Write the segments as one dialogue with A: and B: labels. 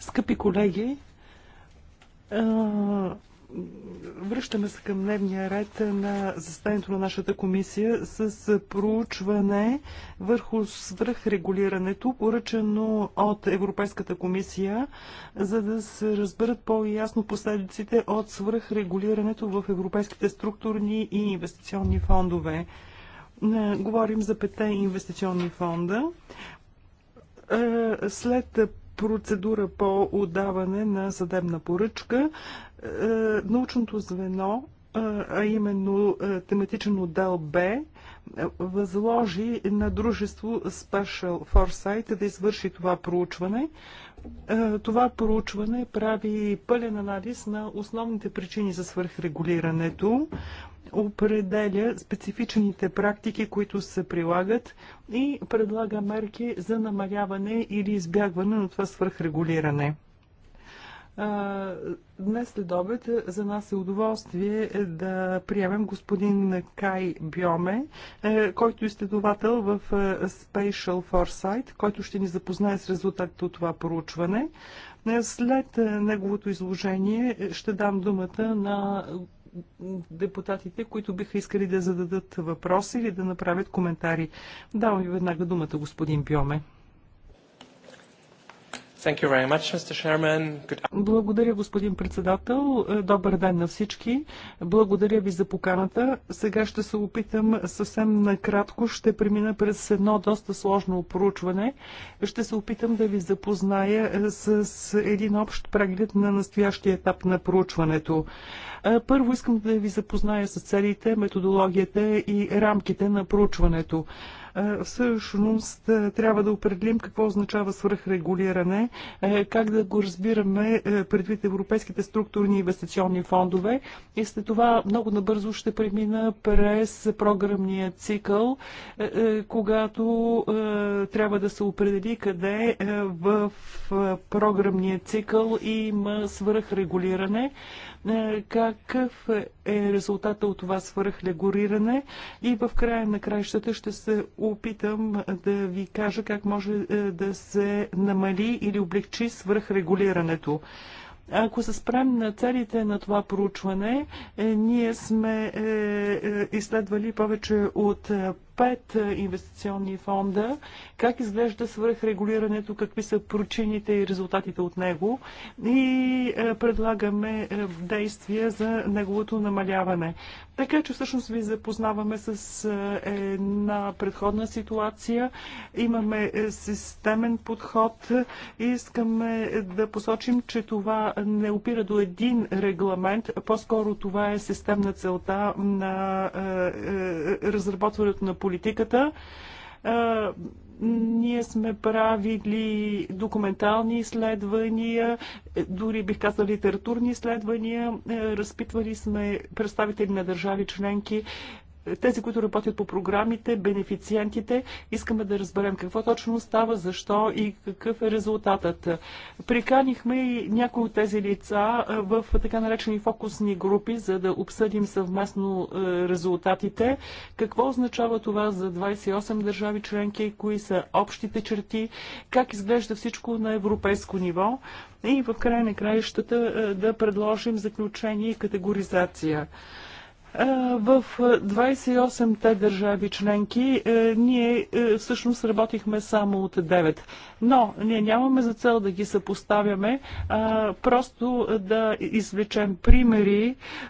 A: Скъпи колеги, връщаме се към дневния ред на заседанието на нашата комисия с проучване върху свръхрегулирането, поръчано от Европейската комисия, за да се разберат по-ясно последиците от свръхрегулирането в европейските структурни и инвестиционни фондове. Говорим за пете инвестиционни фонда. След процедура по отдаване на съдебна поръчка, научното звено, а именно тематичен отдел Б, възложи на дружество Special Foresight да извърши това проучване. Е, това проучване прави пълен анализ на основните причини за свърхрегулирането, определя специфичните практики, които се прилагат и предлага мерки за намаляване или избягване на това свърхрегулиране. Днес след обед е, за нас е удоволствие е, да приемем господин Кай Бьоме, е, който е изследовател в Spatial Foresight, който ще ни запознае с резултатите от това проучване. След неговото изложение ще дам думата на депутатите, които биха искали да зададат въпроси или да направят коментари. Давам ви веднага думата, господин Бьоме. Благодаря, господин председател. Е, добър ден на всички. Благодаря ви за поканата. Сега ще се опитам съвсем накратко. Ще премина през едно доста сложно проучване. Ще се опитам да ви запозная е, с един общ преглед на настоящия етап на проучването. Е, първо искам да ви запозная с целите, методологията и рамките на проучването. Е, всъщност е, трябва да определим какво означава свръхрегулиране, е, как да го разбираме предвид европейските структурни инвестиционни фондове и след това много набързо ще премина през програмния цикъл, когато трябва да се определи къде в програмния цикъл има свръхрегулиране. Е, какъв е резултата от това свърхлегориране и в края на краищата ще се опитам да ви кажа как може е, да се намали или облегчи свръхрегулирането. Ако се спрем на целите на това проучване, е, ние сме изследвали повече от пет е, инвестиционни фонда, как изглежда свръхрегулирането, какви са причините и резултатите от него и е, предлагаме е, действия за неговото намаляване. Така че всъщност ви запознаваме с една предходна ситуация. Имаме системен подход. и Искаме да посочим, че това не опира до един регламент. По-скоро това е системна целта на разработването на политиката политиката. Ние сме правили документални изследвания, е, дори бих казал литературни изследвания. Е, разпитвали сме представители на държави членки тези, които работят по програмите, бенефициентите. Искаме да разберем какво точно става, защо и какъв е резултатът. Приканихме и някои от тези лица в така наречени фокусни групи, за да обсъдим съвместно резултатите. Какво означава това за 28 държави членки, кои са общите черти, как изглежда всичко на европейско ниво и в края на краищата да предложим заключение и категоризация. В 28-те държави членки е, ние е, всъщност работихме само от 9. Но ние нямаме за цел да ги съпоставяме, а просто да извлечем примери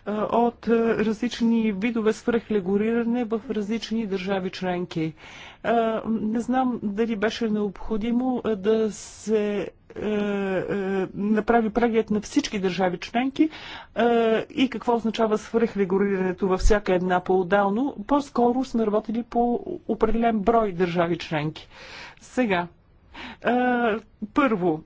A: е, от различни видове свръхлегориране в различни държави членки. Не знам дали беше необходимо да се е, е, направи преглед на всички държави членки е, и какво означава свръхрегулирането във всяка една по-отдално. По-скоро сме работили по определен брой държави членки. Сега, първо,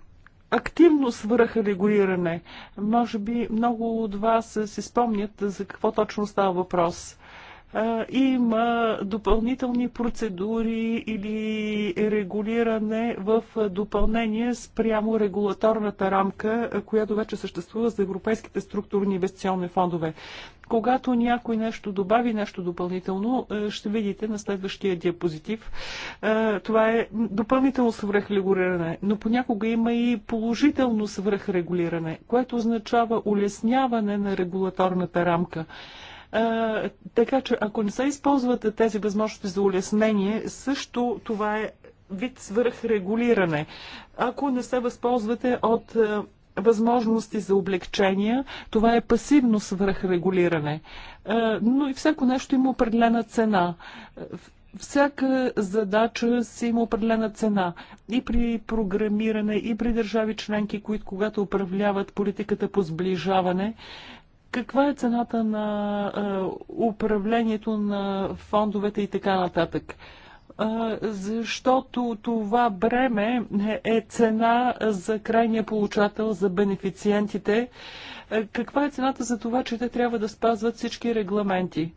A: активно свръхрегулиране. Може би много от вас се спомнят за какво точно става въпрос има допълнителни процедури или регулиране в допълнение спрямо регулаторната рамка, която вече съществува за европейските структурни инвестиционни фондове. Когато някой нещо добави, нещо допълнително, ще видите на следващия диапозитив. Това е допълнително свръхрегулиране, но понякога има и положително свръхрегулиране, което означава улесняване на регулаторната рамка така че, ако не се използват тези възможности за улеснение, също това е вид свръхрегулиране. Ако не се възползвате от възможности за облегчения, това е пасивно свръхрегулиране. Но и всяко нещо има определена цена. Всяка задача си има определена цена. И при програмиране, и при държави членки, които когато управляват политиката по сближаване, каква е цената на управлението на фондовете и така нататък. Защото това бреме е цена за крайния получател, за бенефициентите. Каква е цената за това, че те трябва да спазват всички регламенти?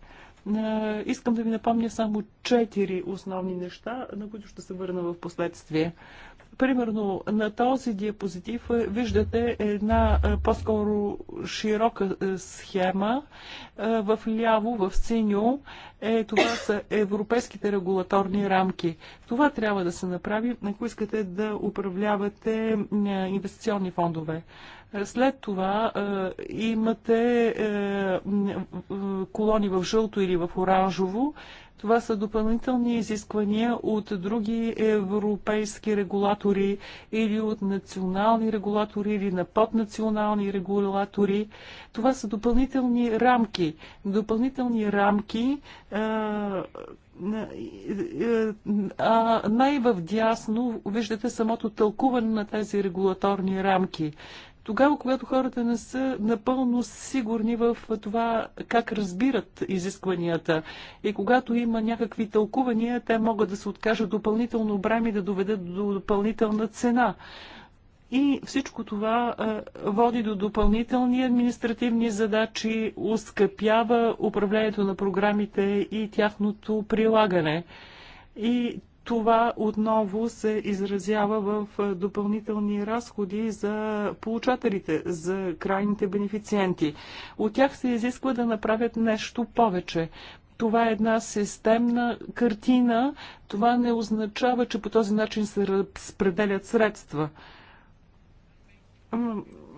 A: Искам да ви напомня само четири основни неща, на които ще се върна в последствие. Примерно на този диапозитив е, виждате една е, по-скоро широка е, схема. В ляво, в синьо, е, това са европейските регулаторни рамки. Това трябва да се направи, ако искате да управлявате инвестиционни фондове. След това е, имате е, колони в жълто или в оранжево. Това са допълнителни изисквания от други европейски регулатори или от национални регулатори или на поднационални регулатори. Това са допълнителни рамки. Допълнителни рамки, а най-вдясно виждате самото тълкуване на тези регулаторни рамки. Тогава, когато хората не са напълно сигурни в това как разбират изискванията и когато има някакви тълкувания, те могат да се откажат допълнително брами да доведат до допълнителна цена. И всичко това води до допълнителни административни задачи, ускъпява управлението на програмите и тяхното прилагане. И това отново се изразява в допълнителни разходи за получателите, за крайните бенефициенти. От тях се изисква да направят нещо повече. Това е една системна картина. Това не означава, че по този начин се разпределят средства.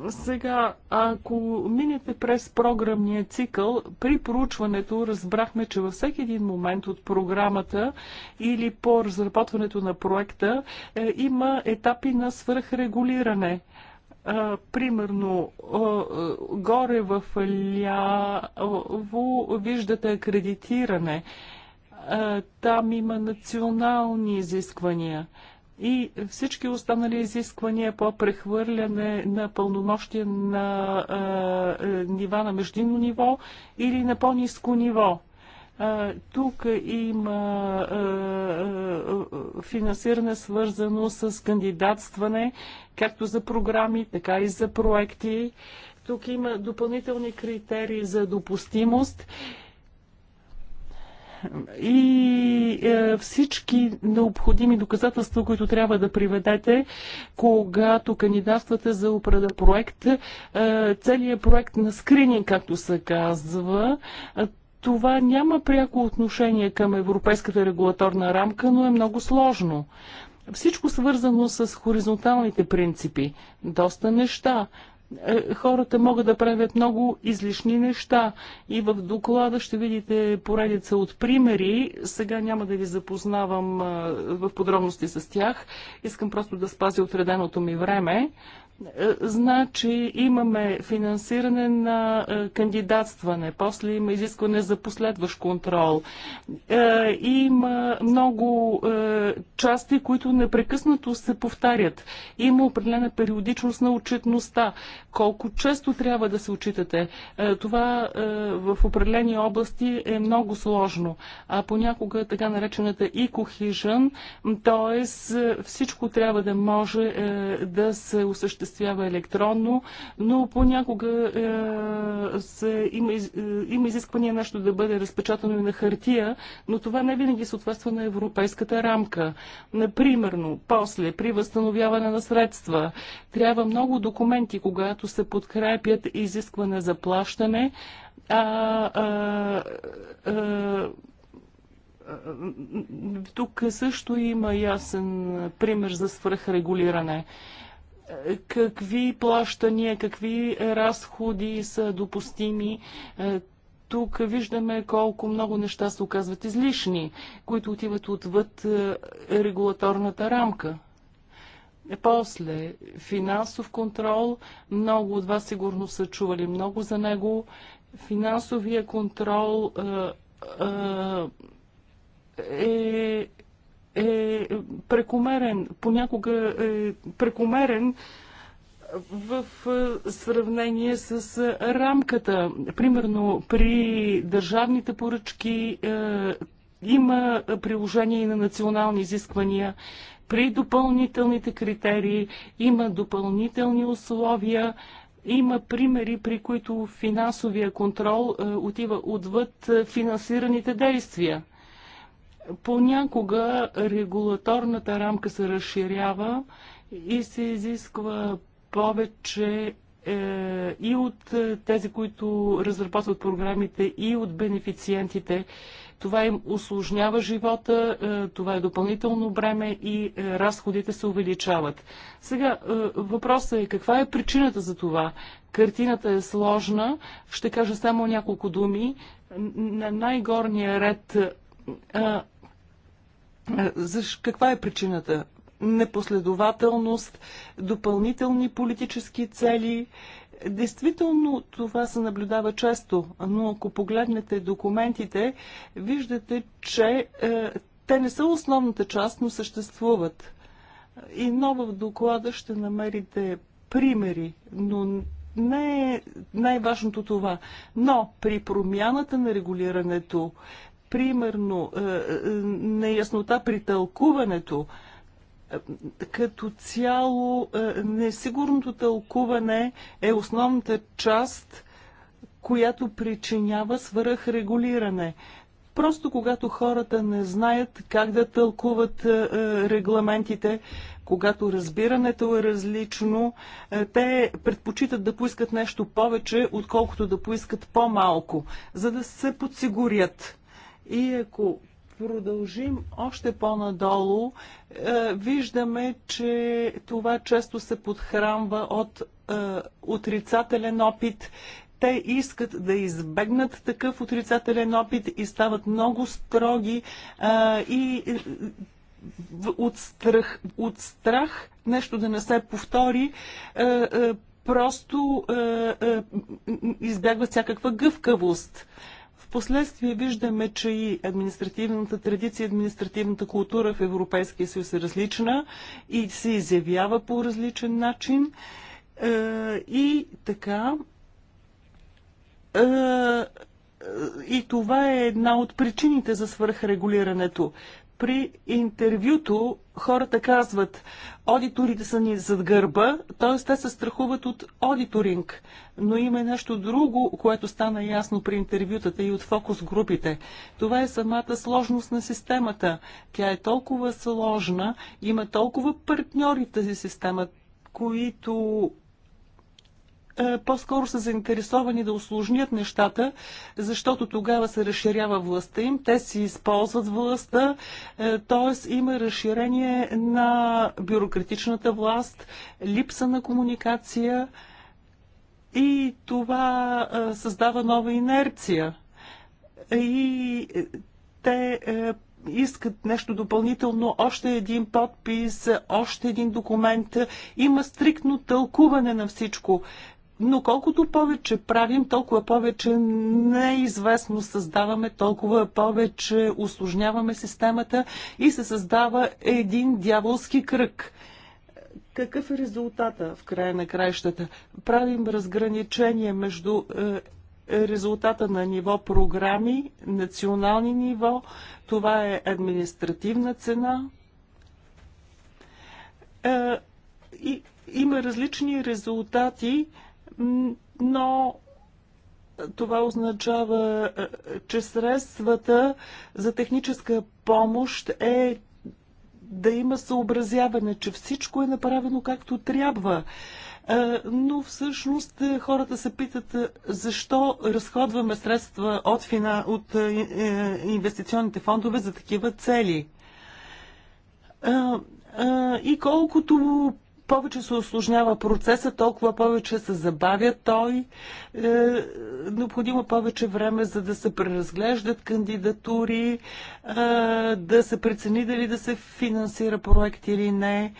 A: Сега, ако минете през програмния цикъл, при проучването разбрахме, че във всеки един момент от програмата или по разработването на проекта е, има етапи на свръхрегулиране. Е, примерно, е, е, горе в ляво виждате акредитиране. там има национални изисквания и всички останали изисквания по прехвърляне на пълномощия на а, е, нива на междинно ниво или на по-низко ниво. А, тук има а, финансиране свързано с кандидатстване, както за програми, така и за проекти. Тук има допълнителни критерии за допустимост и е, всички необходими доказателства, които трябва да приведете, когато кандидатствате за определен проект, е, целият проект на скрининг, както се казва, е, това няма пряко отношение към европейската регулаторна рамка, но е много сложно. Всичко свързано с хоризонталните принципи. Доста неща. Е, хората могат да правят много излишни неща. И в доклада ще видите поредица от примери. Сега няма да ви запознавам е, в подробности с тях. Искам просто да спазя отреденото ми време. Е, значи имаме финансиране на е, кандидатстване, после има изискване за последващ контрол. Е, има много части, които непрекъснато се повтарят. Има определена периодичност на отчетността. Колко често трябва да се отчитате? Това в определени области е много сложно. А понякога така наречената ecohesion, т.е. всичко трябва да може да се осъществи осъществява електронно, но понякога е, се, има, е, има изисквания нещо да бъде разпечатано и на хартия, но това не винаги съответства на европейската рамка. Например, после, при възстановяване на средства, трябва много документи, когато се подкрепят изискване за плащане, а, а, а, тук също има ясен пример за свръхрегулиране какви плащания, какви разходи са допустими. Е, тук виждаме колко много неща се оказват излишни, които отиват отвъд е, регулаторната рамка. После финансов контрол. Много от вас сигурно са чували много за него. Финансовия контрол е, е е прекомерен, понякога е прекомерен в е, сравнение с е, рамката. Примерно при държавните поръчки е, има приложение на национални изисквания. При допълнителните критерии има допълнителни условия. Има примери, при които финансовия контрол е, отива отвъд е, финансираните действия. Понякога регулаторната рамка се разширява и се изисква повече е, и от е, тези, които разработват програмите, и от бенефициентите. Това им осложнява живота, е, това е допълнително бреме и разходите се увеличават. Сега въпросът е каква е причината за това? Картината е сложна, ще кажа само няколко думи. На най-горния ред Защ, каква е причината? Непоследователност, допълнителни политически цели. Действително това се наблюдава често, но ако погледнете документите, виждате, че е, те не са основната част, но съществуват. И нова в доклада ще намерите примери, но не е най-важното това. Но при промяната на регулирането, примерно е, е, неяснота при тълкуването, е, като цяло несигурното тълкуване е основната част, която причинява свръхрегулиране. Просто когато хората не знаят как да тълкуват регламентите, когато разбирането е различно, те предпочитат да поискат нещо повече, отколкото да поискат по-малко, за да се подсигурят. И ако продължим още по-надолу, е, виждаме, че това често се подхранва от е, отрицателен опит. Те искат да избегнат такъв отрицателен опит и стават много строги е, и от страх, от страх нещо да не се повтори, просто избягват всякаква гъвкавост. Впоследствие виждаме, че и административната традиция, административната култура в Европейския съюз е различна и се изявява по различен начин. Е, и така. Е, е, и това е една от причините за свърхрегулирането. При интервюто хората казват, аудиторите са ни зад гърба, т.е. те се страхуват от аудиторинг, Но има нещо друго, което стана ясно при интервютата и от фокус групите. Това е самата сложност на системата. Тя е толкова сложна, има толкова партньори в тази система, които е, по-скоро са заинтересовани да усложнят нещата, защото тогава се разширява властта им, те си използват властта, т.е. има разширение на бюрократичната власт, липса на комуникация и това е, създава нова инерция. И е, те искат нещо допълнително, още един подпис, още един документ. Има стриктно тълкуване на всичко. Но колкото повече правим, толкова повече неизвестно създаваме, толкова повече осложняваме системата и се създава един дяволски кръг. Какъв е резултата в края на краищата? Правим разграничение между е, резултата на ниво програми, национални ниво, това е административна цена. Е, и има различни резултати но това означава, е, че средствата за техническа помощ е да има съобразяване, че всичко е направено както трябва. Е, но всъщност е, хората се питат защо разходваме средства от, фина... от инвестиционните фондове за такива цели. И колкото повече се осложнява процеса, толкова повече се забавя той. Е, необходимо повече време, за да се преразглеждат кандидатури, е, да се прецени дали да се финансира проект или не.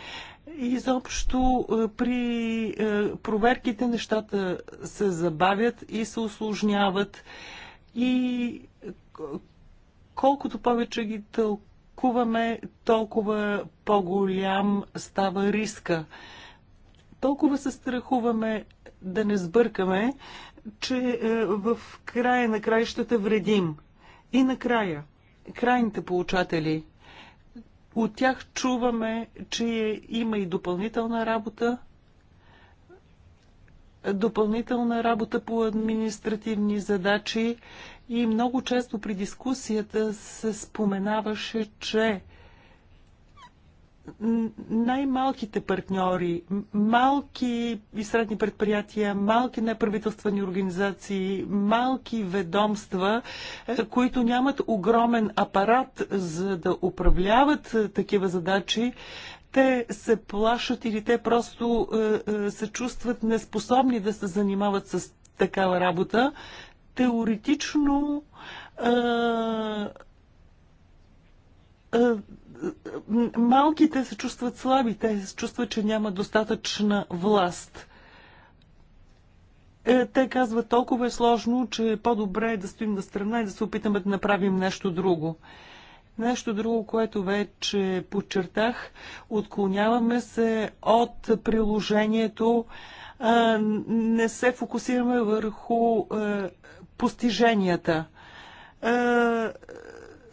A: Изобщо е, при е, проверките нещата се забавят и се осложняват. И е, колкото повече ги тълкуват, рискуваме, толкова по-голям става риска. Толкова се страхуваме да не сбъркаме, че е, в края на краищата вредим. И накрая, крайните получатели. От тях чуваме, че е, има и допълнителна работа, допълнителна работа по административни задачи и много често при дискусията се споменаваше, че най-малките партньори, малки и средни предприятия, малки неправителствени организации, малки ведомства, е, които нямат огромен апарат за да управляват е, такива задачи, те се плашат или те просто е, е, се чувстват неспособни да се занимават с такава работа. Теоретично е, малките се чувстват слаби, те се чувстват, че няма достатъчна власт. Те казват толкова е сложно, че е по-добре да стоим на страна и да се опитаме да направим нещо друго. Нещо друго, което вече подчертах, отклоняваме се от приложението, не се фокусираме върху постиженията.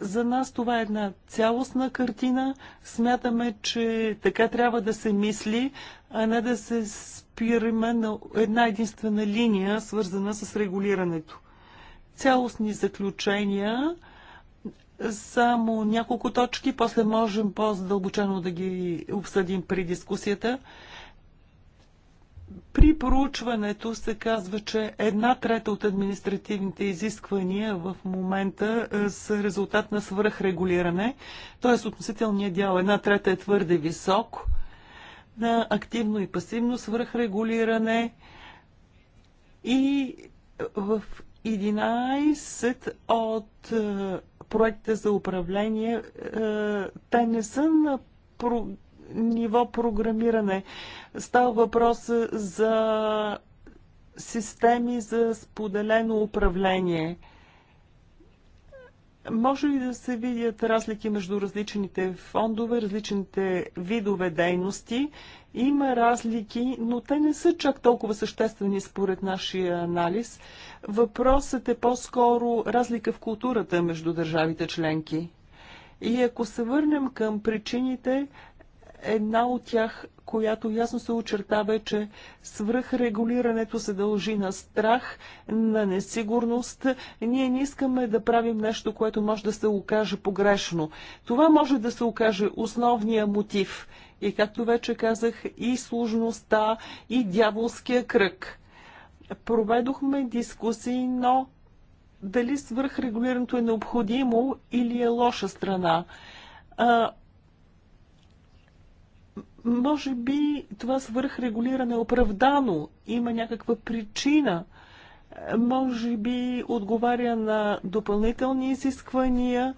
A: За нас това е една цялостна картина. Смятаме, че така трябва да се мисли, а не да се спираме на една единствена линия, свързана с регулирането. Цялостни заключения само няколко точки, после можем по-задълбочено да ги обсъдим при дискусията. При проучването се казва, че една трета от административните изисквания в момента е, са резултат на свръхрегулиране, т.е. относителният дял една трета е твърде висок на е, активно и пасивно свръхрегулиране и в 11 от е, проекта за управление, е, те не са на про... ниво програмиране. Става въпрос за системи за споделено управление. Може ли да се видят разлики между различните фондове, различните видове дейности? Има разлики, но те не са чак толкова съществени според нашия анализ. Въпросът е по-скоро разлика в културата между държавите членки. И ако се върнем към причините, една от тях, която ясно се очертава е, че свръхрегулирането се дължи на страх, на несигурност. Ние не искаме да правим нещо, което може да се окаже погрешно. Това може да се окаже основния мотив. И както вече казах, и сложността, и дяволския кръг проведохме дискусии, но дали свръхрегулирането е необходимо или е лоша страна. А, може би това свръхрегулиране е оправдано, има някаква причина, може би отговаря на допълнителни изисквания.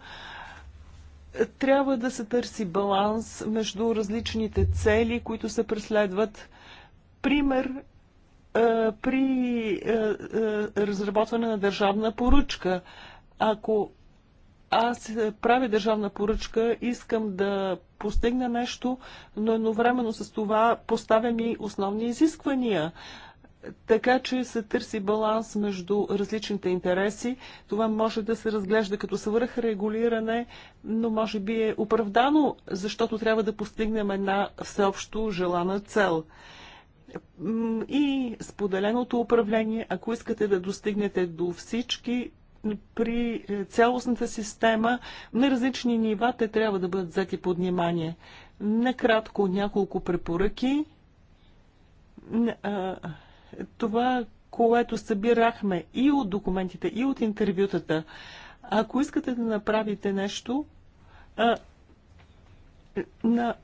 A: Трябва да се търси баланс между различните цели, които се преследват. Пример при разработване на държавна поръчка. Ако аз правя държавна поръчка, искам да постигна нещо, но едновременно с това поставям и основни изисквания. Така че се търси баланс между различните интереси. Това може да се разглежда като свръхрегулиране, но може би е оправдано, защото трябва да постигнем една всеобщо желана цел и споделеното управление, ако искате да достигнете до всички при е, цялостната система на различни нива, те трябва да бъдат взети под внимание. Накратко няколко препоръки. Това, което събирахме и от документите, и от интервютата, ако искате да направите нещо, на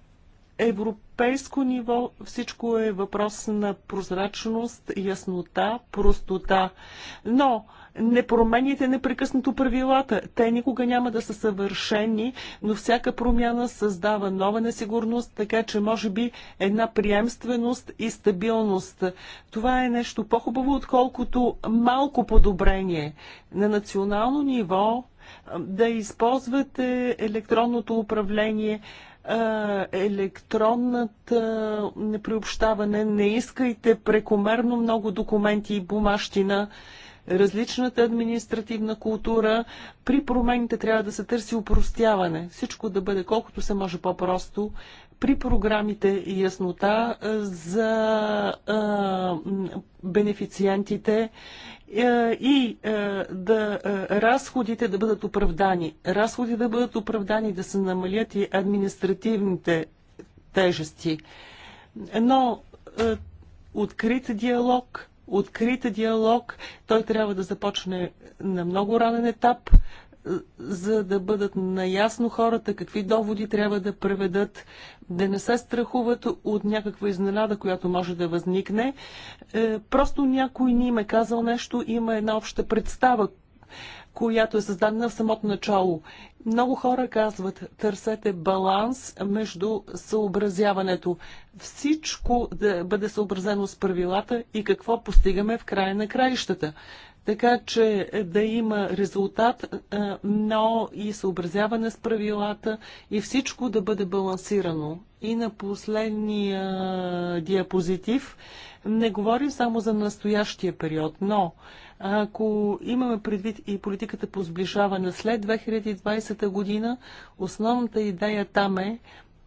A: европейско ниво всичко е въпрос на прозрачност, яснота, простота. Но не промените непрекъснато правилата. Те никога няма да са съвършени, но всяка промяна създава нова несигурност, така че може би една приемственост и стабилност. Това е нещо по-хубаво, отколкото малко подобрение. На национално ниво да използвате електронното управление, електронната приобщаване. Не искайте прекомерно много документи и бумащина. Различната административна култура. При промените трябва да се търси упростяване. Всичко да бъде колкото се може по-просто, при програмите яснота е, за е, бенефициентите е, и да разходите да бъдат оправдани. Разходи да бъдат оправдани, да се намалят и административните тежести. Но открит диалог, открит диалог, той трябва да започне на много ранен етап, за да бъдат наясно хората какви доводи трябва да преведат, да не се страхуват от някаква изненада, която може да възникне. Е, просто някой ни им е казал нещо, има една обща представа, която е създадена в самото начало. Много хора казват, търсете баланс между съобразяването. Всичко да бъде съобразено с правилата и какво постигаме в края на краищата така че е, да има резултат, е, но и съобразяване с правилата и всичко да бъде балансирано. И на последния диапозитив не говорим само за настоящия период, но ако имаме предвид и политиката по сближаване след 2020 година, основната идея там е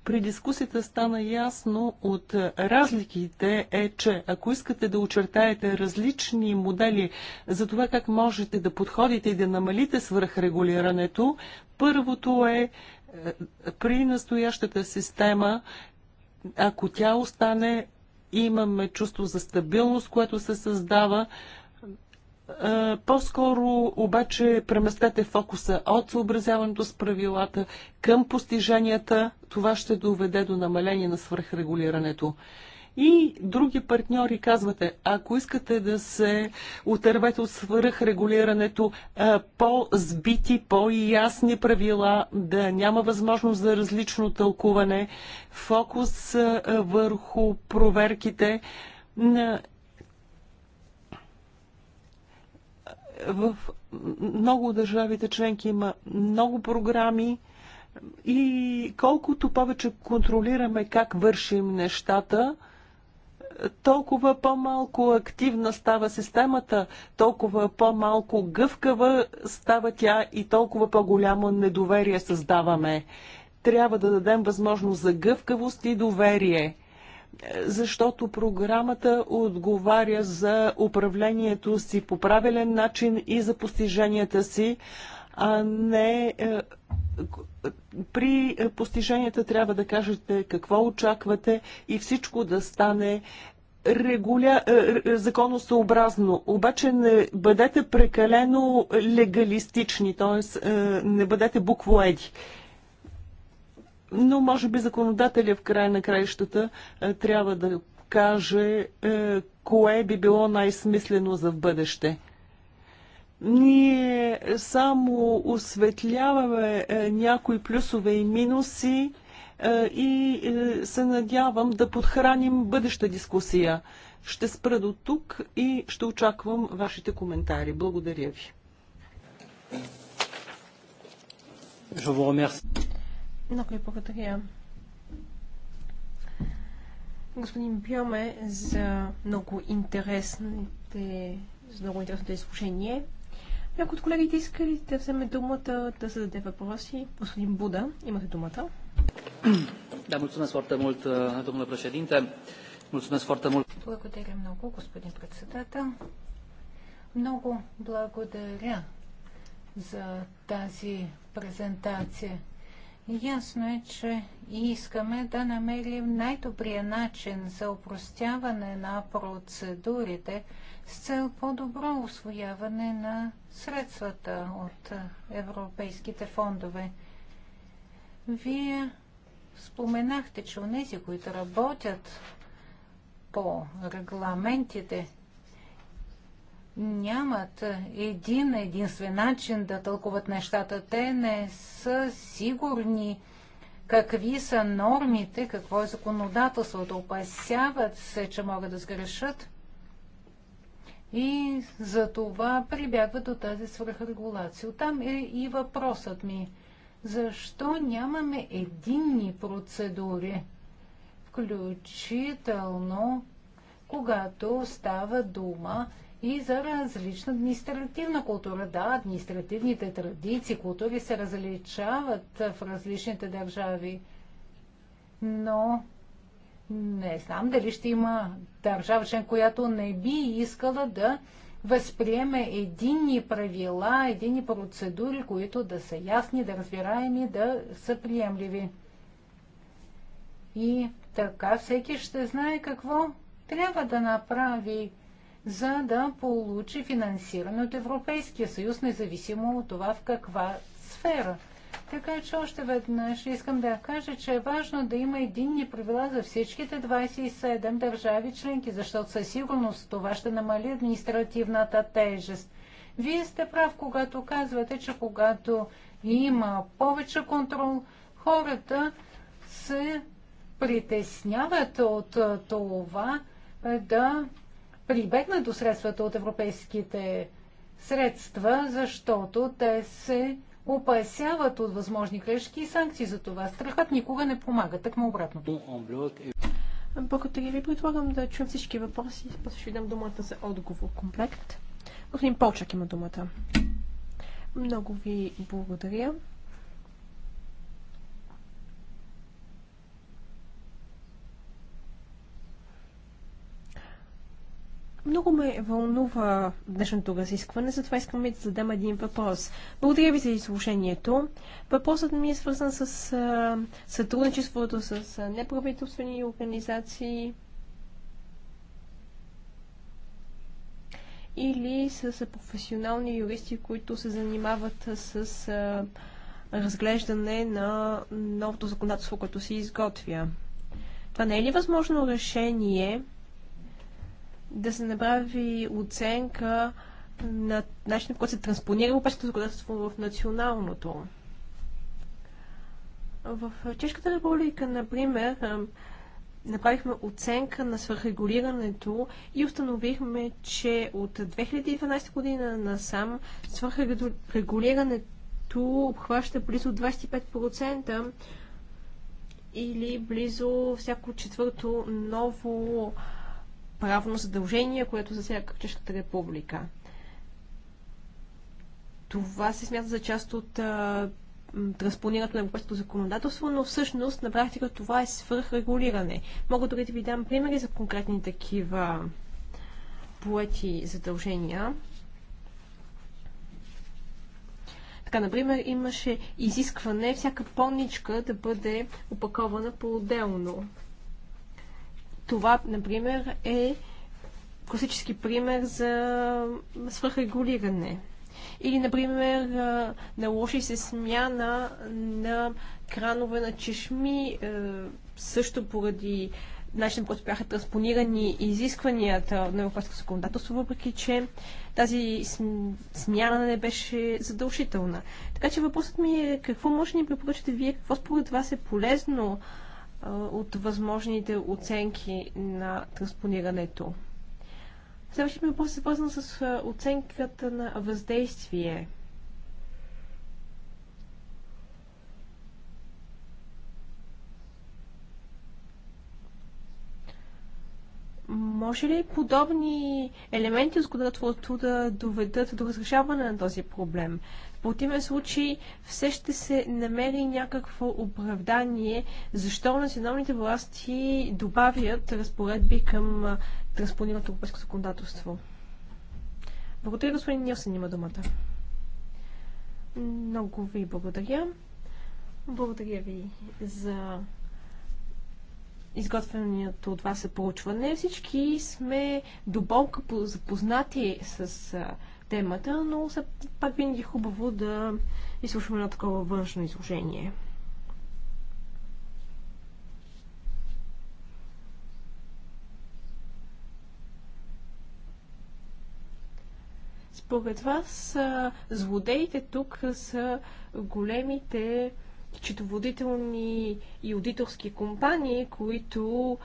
A: при дискусията стана ясно от разликите е, че ако искате да очертаете различни модели за това как можете да подходите и да намалите свръхрегулирането, първото е, е при настоящата система, ако тя остане, имаме чувство за стабилност, което се създава, е, по-скоро обаче преместете фокуса от съобразяването с правилата към постиженията. Това ще доведе до намаление на свръхрегулирането. И други партньори казвате, ако искате да се отървете от свръхрегулирането е, по-збити, по-ясни правила, да няма възможност за различно тълкуване, фокус е, върху проверките, в много държавите членки има много програми и колкото повече контролираме как вършим нещата, толкова по-малко активна става системата, толкова по-малко гъвкава става тя и толкова по-голямо недоверие създаваме. Трябва да дадем възможност за гъвкавост и доверие – защото програмата отговаря за управлението си по правилен начин и за постиженията си, а не е, при постиженията трябва да кажете какво очаквате и всичко да стане регуля... Е, законосъобразно. Обаче не бъдете прекалено легалистични, т.е. Е, не бъдете буквоеди но може би законодателя в края на краищата е, трябва да каже е, кое би било най-смислено за в бъдеще. Ние само осветляваме е, някои плюсове и минуси и се надявам да подхраним бъдеща дискусия. Ще спра до тук и ще очаквам вашите коментари. Благодаря ви. Много ви
B: благодаря, господин Бьоме, за много интересните, за много интересното изслушение. Някои от колегите искали да вземе думата, да зададе въпроси? Господин Буда, имате думата.
A: Да, mulțumesc foarte мулт, домна președinte. Mulțumesc foarte мулт.
C: Благодаря много, господин председател. Много благодаря за тази презентация. Ясно е, че искаме да намерим най-добрия начин за упростяване на процедурите с цел по-добро освояване на средствата от европейските фондове. Вие споменахте, че нези, които работят по регламентите, нямат един единствен начин да тълкуват нещата. Те не са сигурни какви са нормите, какво е законодателството. Опасяват се, че могат да сгрешат и за това прибягват до тази свръхрегулация. Там е и въпросът ми. Защо нямаме единни процедури, включително когато става дума и за различна административна култура. Да, административните традиции, култури се различават в различните държави, но не знам дали ще има държава член, която не би искала да възприеме единни правила, единни процедури, които да са ясни, да разбираеми, да са приемливи. И така всеки ще знае какво трябва да направи за да получи финансиране от Европейския съюз, независимо от това в каква сфера. Така че още веднъж искам да кажа, че е важно да има единни правила за всичките 27 държави членки, защото със сигурност това ще намали административната тежест. Вие сте прав, когато казвате, че когато има повече контрол, хората се притесняват от това да прибегнат до средствата от европейските средства, защото те се опасяват от възможни грешки и санкции за това. Страхът никога не помага, так му обратното. Благодаря ви. Предлагам да чуем всички въпроси. После ще ви дам думата за отговор комплект.
B: Господин Полчак има думата. Много ви благодаря. Много ме вълнува днешното разискване, затова искам да задам един въпрос. Благодаря ви за изслушението. Въпросът ми е свързан с а, сътрудничеството с а, неправителствени организации или с а, професионални юристи, които се занимават с а, разглеждане на новото законодателство, което се изготвя. Това не е ли възможно решение? да се направи оценка на начинът, по който се транспонира европейското законодателство в националното. В Чешката република, например, направихме оценка на свърхрегулирането и установихме, че от 2012 година насам свърхрегулирането обхваща близо 25% или близо всяко четвърто ново правно задължение, което засяга Чешката република. Това се смята за част от а, транспонирането на европейското законодателство, но всъщност на практика това е свърхрегулиране. Мога дори да ви дам примери за конкретни такива поети задължения. Така, например, имаше изискване всяка поничка да бъде опакована по-отделно. Това, например, е класически пример за свръхрегулиране. Или, например, наложи се смяна на кранове на чешми, също поради начин, по който бяха транспонирани изискванията на европейското законодателство, въпреки че тази смяна не беше задължителна. Така че въпросът ми е какво може да ни препоръчате вие, какво според вас е полезно от възможните оценки на транспонирането. Следващият ми въпрос е свързан с оценката на въздействие. Може ли подобни елементи от законодателството да доведат до разрешаване на този проблем? противен случай все ще се намери някакво оправдание, защо националните власти добавят разпоредби към транспонираното европейско законодателство. Благодаря, господин Нилсен, има думата. Много ви благодаря. Благодаря ви за изготвеното от вас проучване. Всички сме до болка запознати с темата, но все пак винаги е хубаво да изслушваме на такова външно изложение. Според вас злодеите тук са големите четоводителни и аудиторски компании, които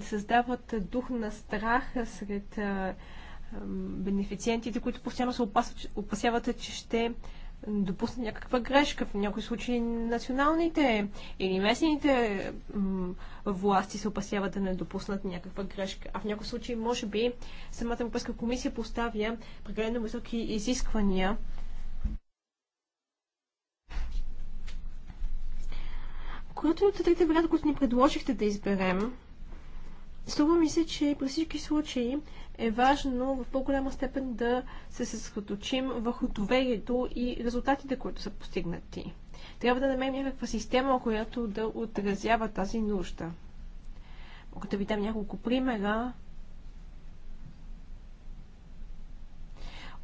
B: създават дух на страха сред бенефициентите, които постоянно се опасват, опасяват, че ще допуснат някаква грешка. В някои случаи националните или местните власти се опасяват да не допуснат някаква грешка. А в някои случаи, може би, самата Европейска комисия поставя прекалено високи изисквания Когато от трите варианта, които ни предложихте да изберем, струва ми се, че при всички случаи е важно в по-голяма степен да се съсредоточим върху доверието и резултатите, които са постигнати. Трябва да намерим някаква система, която да отразява тази нужда. Мога да ви дам няколко примера.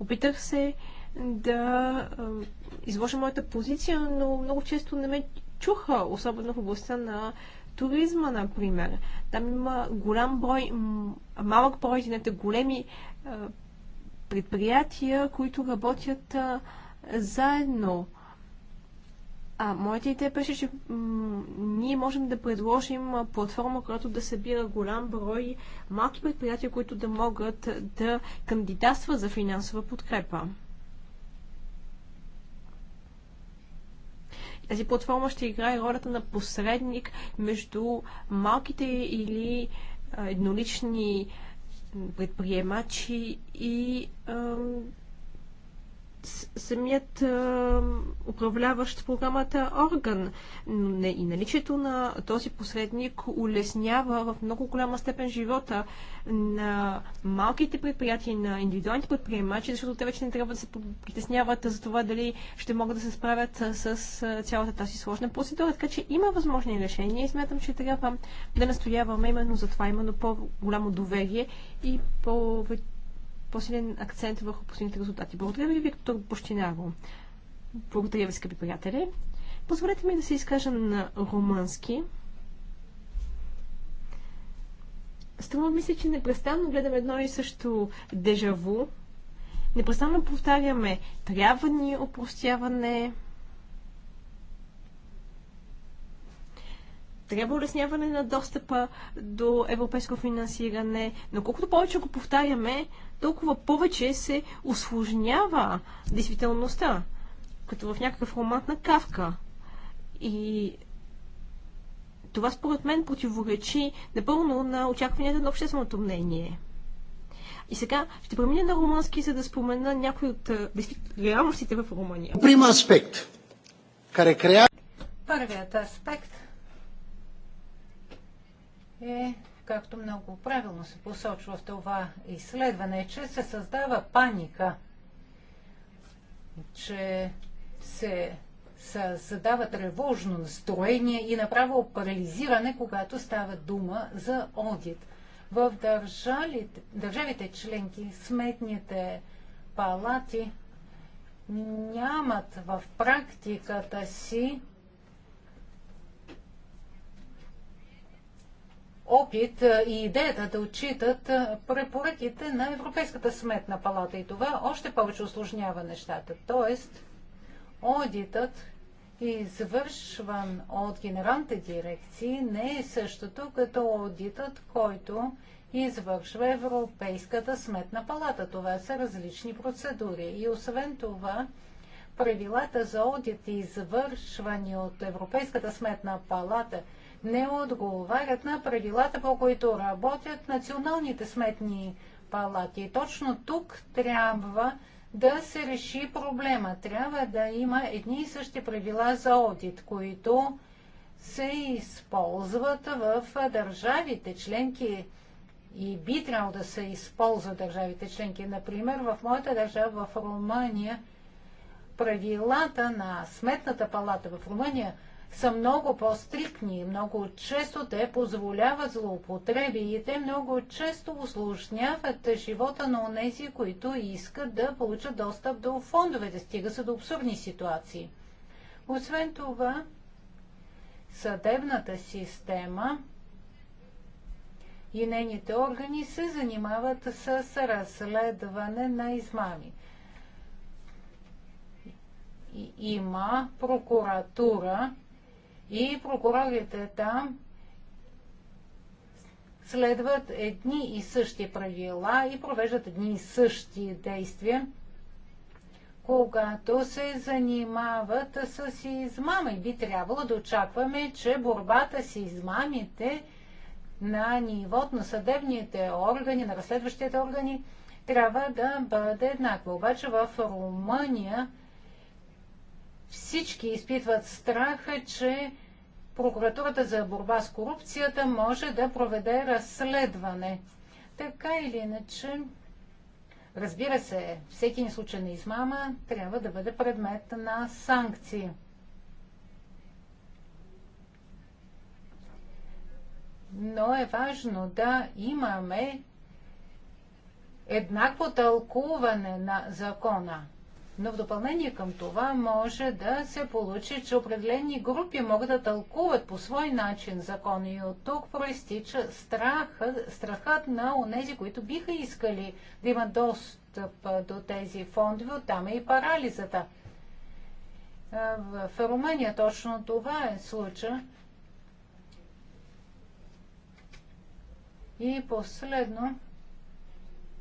B: Опитах се да изложа моята позиция, но много често не ме чуха, особено в областта на туризма, например. Там има голям брой, малък брой, извинете, големи е, предприятия, които работят е, заедно. А моята идея беше, че ние можем да предложим платформа, която да събира голям брой малки предприятия, които да могат да кандидатстват за финансова подкрепа. Тази платформа ще играе ролята на посредник между малките или еднолични предприемачи и самият а, управляващ програмата орган. Но не и наличието на този посредник улеснява в много голяма степен живота на малките предприятия, на индивидуалните предприемачи, защото те вече не трябва да се притесняват за това дали ще могат да се справят с, с цялата тази сложна процедура. Така че има възможни решения и смятам, че трябва да настояваме именно за това, именно по-голямо доверие и повече по-силен акцент върху последните резултати. Благодаря ви, Виктор Бощинаро. Благодаря ви, скъпи приятели. Позволете ми да се изкажа на румънски. Струва ми се, че непрестанно гледаме едно и също дежаву. Непрестанно повтаряме трябва ни опростяване, трябва улесняване на достъпа до европейско финансиране, но колкото повече го повтаряме, толкова повече се осложнява действителността, като в някакъв роман на Кавка. И това според мен противоречи напълно на очакванията на общественото мнение. И сега ще премина на румънски, за да спомена някои от реалностите в Румъния. Прима
C: аспект. Първият аспект е както много правилно се посочва в това изследване, че се създава паника, че се създава тревожно настроение и направо парализиране, когато става дума за одит. В държалите, държавите членки сметните палати нямат в практиката си опит е, и идеята да отчитат е, препоръките на Европейската сметна палата. И това още повече осложнява нещата. Тоест, одитът, извършван от генералните дирекции, не е същото като одитът, който извършва Европейската сметна палата. Това са различни процедури. И освен това, правилата за одит, извършвани от Европейската сметна палата – не отговарят на правилата, по които работят националните сметни палати. Точно тук трябва да се реши проблема. Трябва да има едни и същи правила за одит, които се използват в държавите членки и би трябвало да се използват държавите членки. Например, в моята държава, в Румъния, правилата на Сметната палата в Румъния са много по-стрикни. Много често те позволяват злоупотреби и те много често усложняват живота на онези, които искат да получат достъп до фондовете. Стига се до абсурдни ситуации. Освен това, съдебната система и нейните органи се занимават с разследване на измами. Има прокуратура, и прокурорите там следват едни и същи правила и провеждат едни и същи действия, когато се занимават с измами. Би трябвало да очакваме, че борбата с измамите на нивото на съдебните органи, на разследващите органи, трябва да бъде еднаква. Обаче в Румъния всички изпитват страха, че прокуратурата за борба с корупцията може да проведе разследване. Така или иначе, разбира се, всеки ни случай на измама трябва да бъде предмет на санкции. Но е важно да имаме еднакво тълкуване на закона. Но в допълнение към това може да се получи, че определени групи могат да тълкуват по свой начин закони и от тук проистича страха, страхът на онези, които биха искали да имат достъп до тези фондове, оттам е и парализата. В Румъния точно това е случая. И последно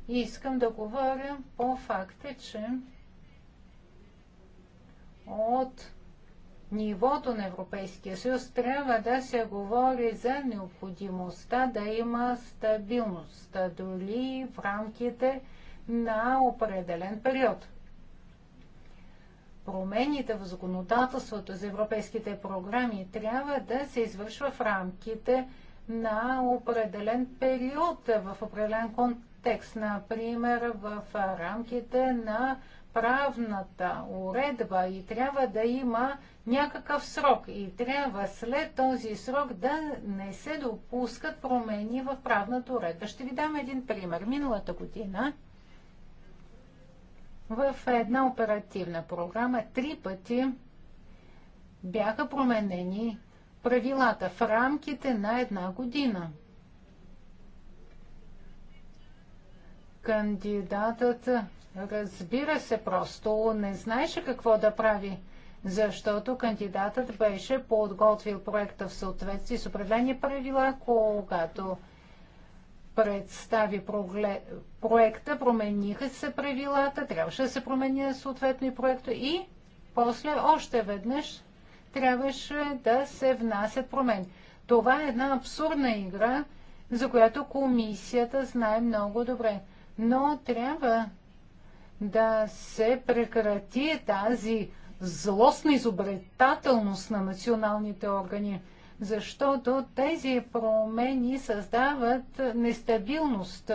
C: искам да говоря по факта, че от нивото на Европейския съюз трябва да се говори за необходимостта да има стабилност, дори в рамките на определен период. Промените в законодателството за европейските програми трябва да се извършва в рамките на определен период, в определен контекст, например в рамките на правната уредба и трябва да има някакъв срок и трябва след този срок да не се допускат промени в правната уредба. Ще ви дам един пример. Миналата година в една оперативна програма три пъти бяха променени правилата в рамките на една година. Кандидатът Разбира се, просто не знаеше какво да прави, защото кандидатът беше подготвил проекта в съответствие с определени правила, когато представи проекта, промениха се правилата, трябваше да се промени съответно и проекта и после още веднъж трябваше да се внасят промени. Това е една абсурдна игра, за която комисията знае много добре. Но трябва да се прекрати тази злостна изобретателност на националните органи, защото тези промени създават нестабилност,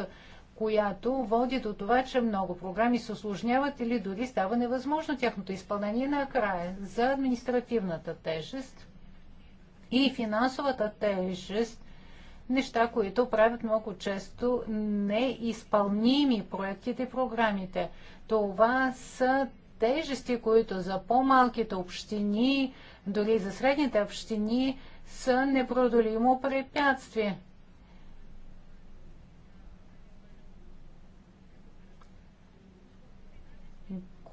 C: която води до това, че много програми се осложняват или дори става невъзможно тяхното изпълнение накрая за административната тежест и финансовата тежест неща, които правят много често неизпълними проектите и програмите. Това са тежести, които за по-малките общини, дори за средните общини, са непродолимо препятствие.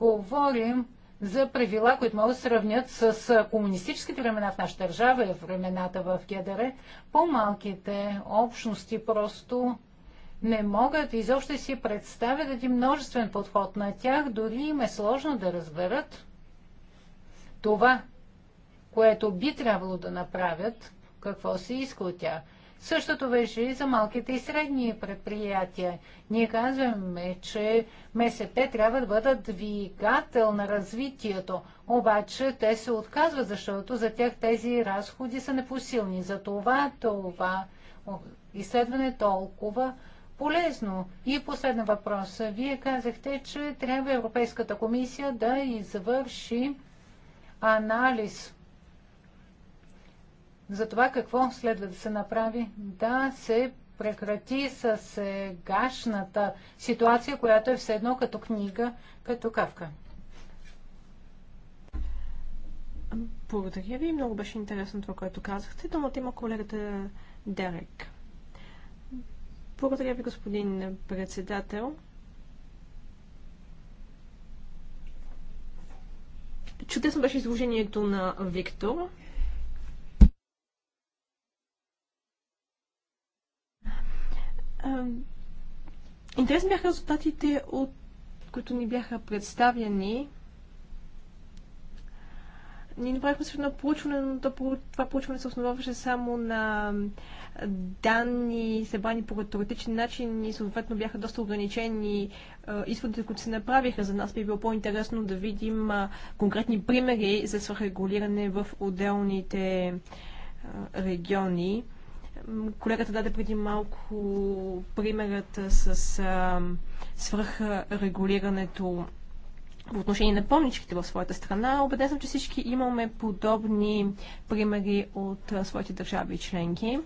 C: Говорим за правила, които могат да сравнят с комунистическите времена в нашата държава и времената в ГДР. По-малките общности просто не могат изобщо си представят един множествен подход на тях, дори им е сложно да разберат това, което би трябвало да направят, какво се иска от тях. Същото въжи и за малките и средни предприятия. Ние казваме, че МСП трябва да бъдат двигател на развитието, обаче те се отказват, защото за тях тези разходи са непосилни. За това това изследване е толкова полезно. И последен въпрос. Вие казахте, че трябва Европейската комисия да извърши анализ за това какво следва да се направи, да се прекрати с сегашната ситуация, която е все едно като книга, като кавка. Благодаря
B: ви. Много беше интересно това, което казахте. Думата има колегата Дерек. Благодаря ви, господин председател. Чудесно беше изложението на Виктор. Интересни бяха резултатите, от които ни бяха представени. Ние направихме също едно проучване, но това проучване се основаваше само на данни, събрани по теоретичен начин и съответно бяха доста ограничени изводите, които се направиха. За нас би било по-интересно да видим конкретни примери за свърхрегулиране в отделните региони. Колегата даде преди малко примерът с а, свръхрегулирането по отношение на помничките в своята страна. Обеден съм, че всички имаме подобни примери от а, своите държави и членки.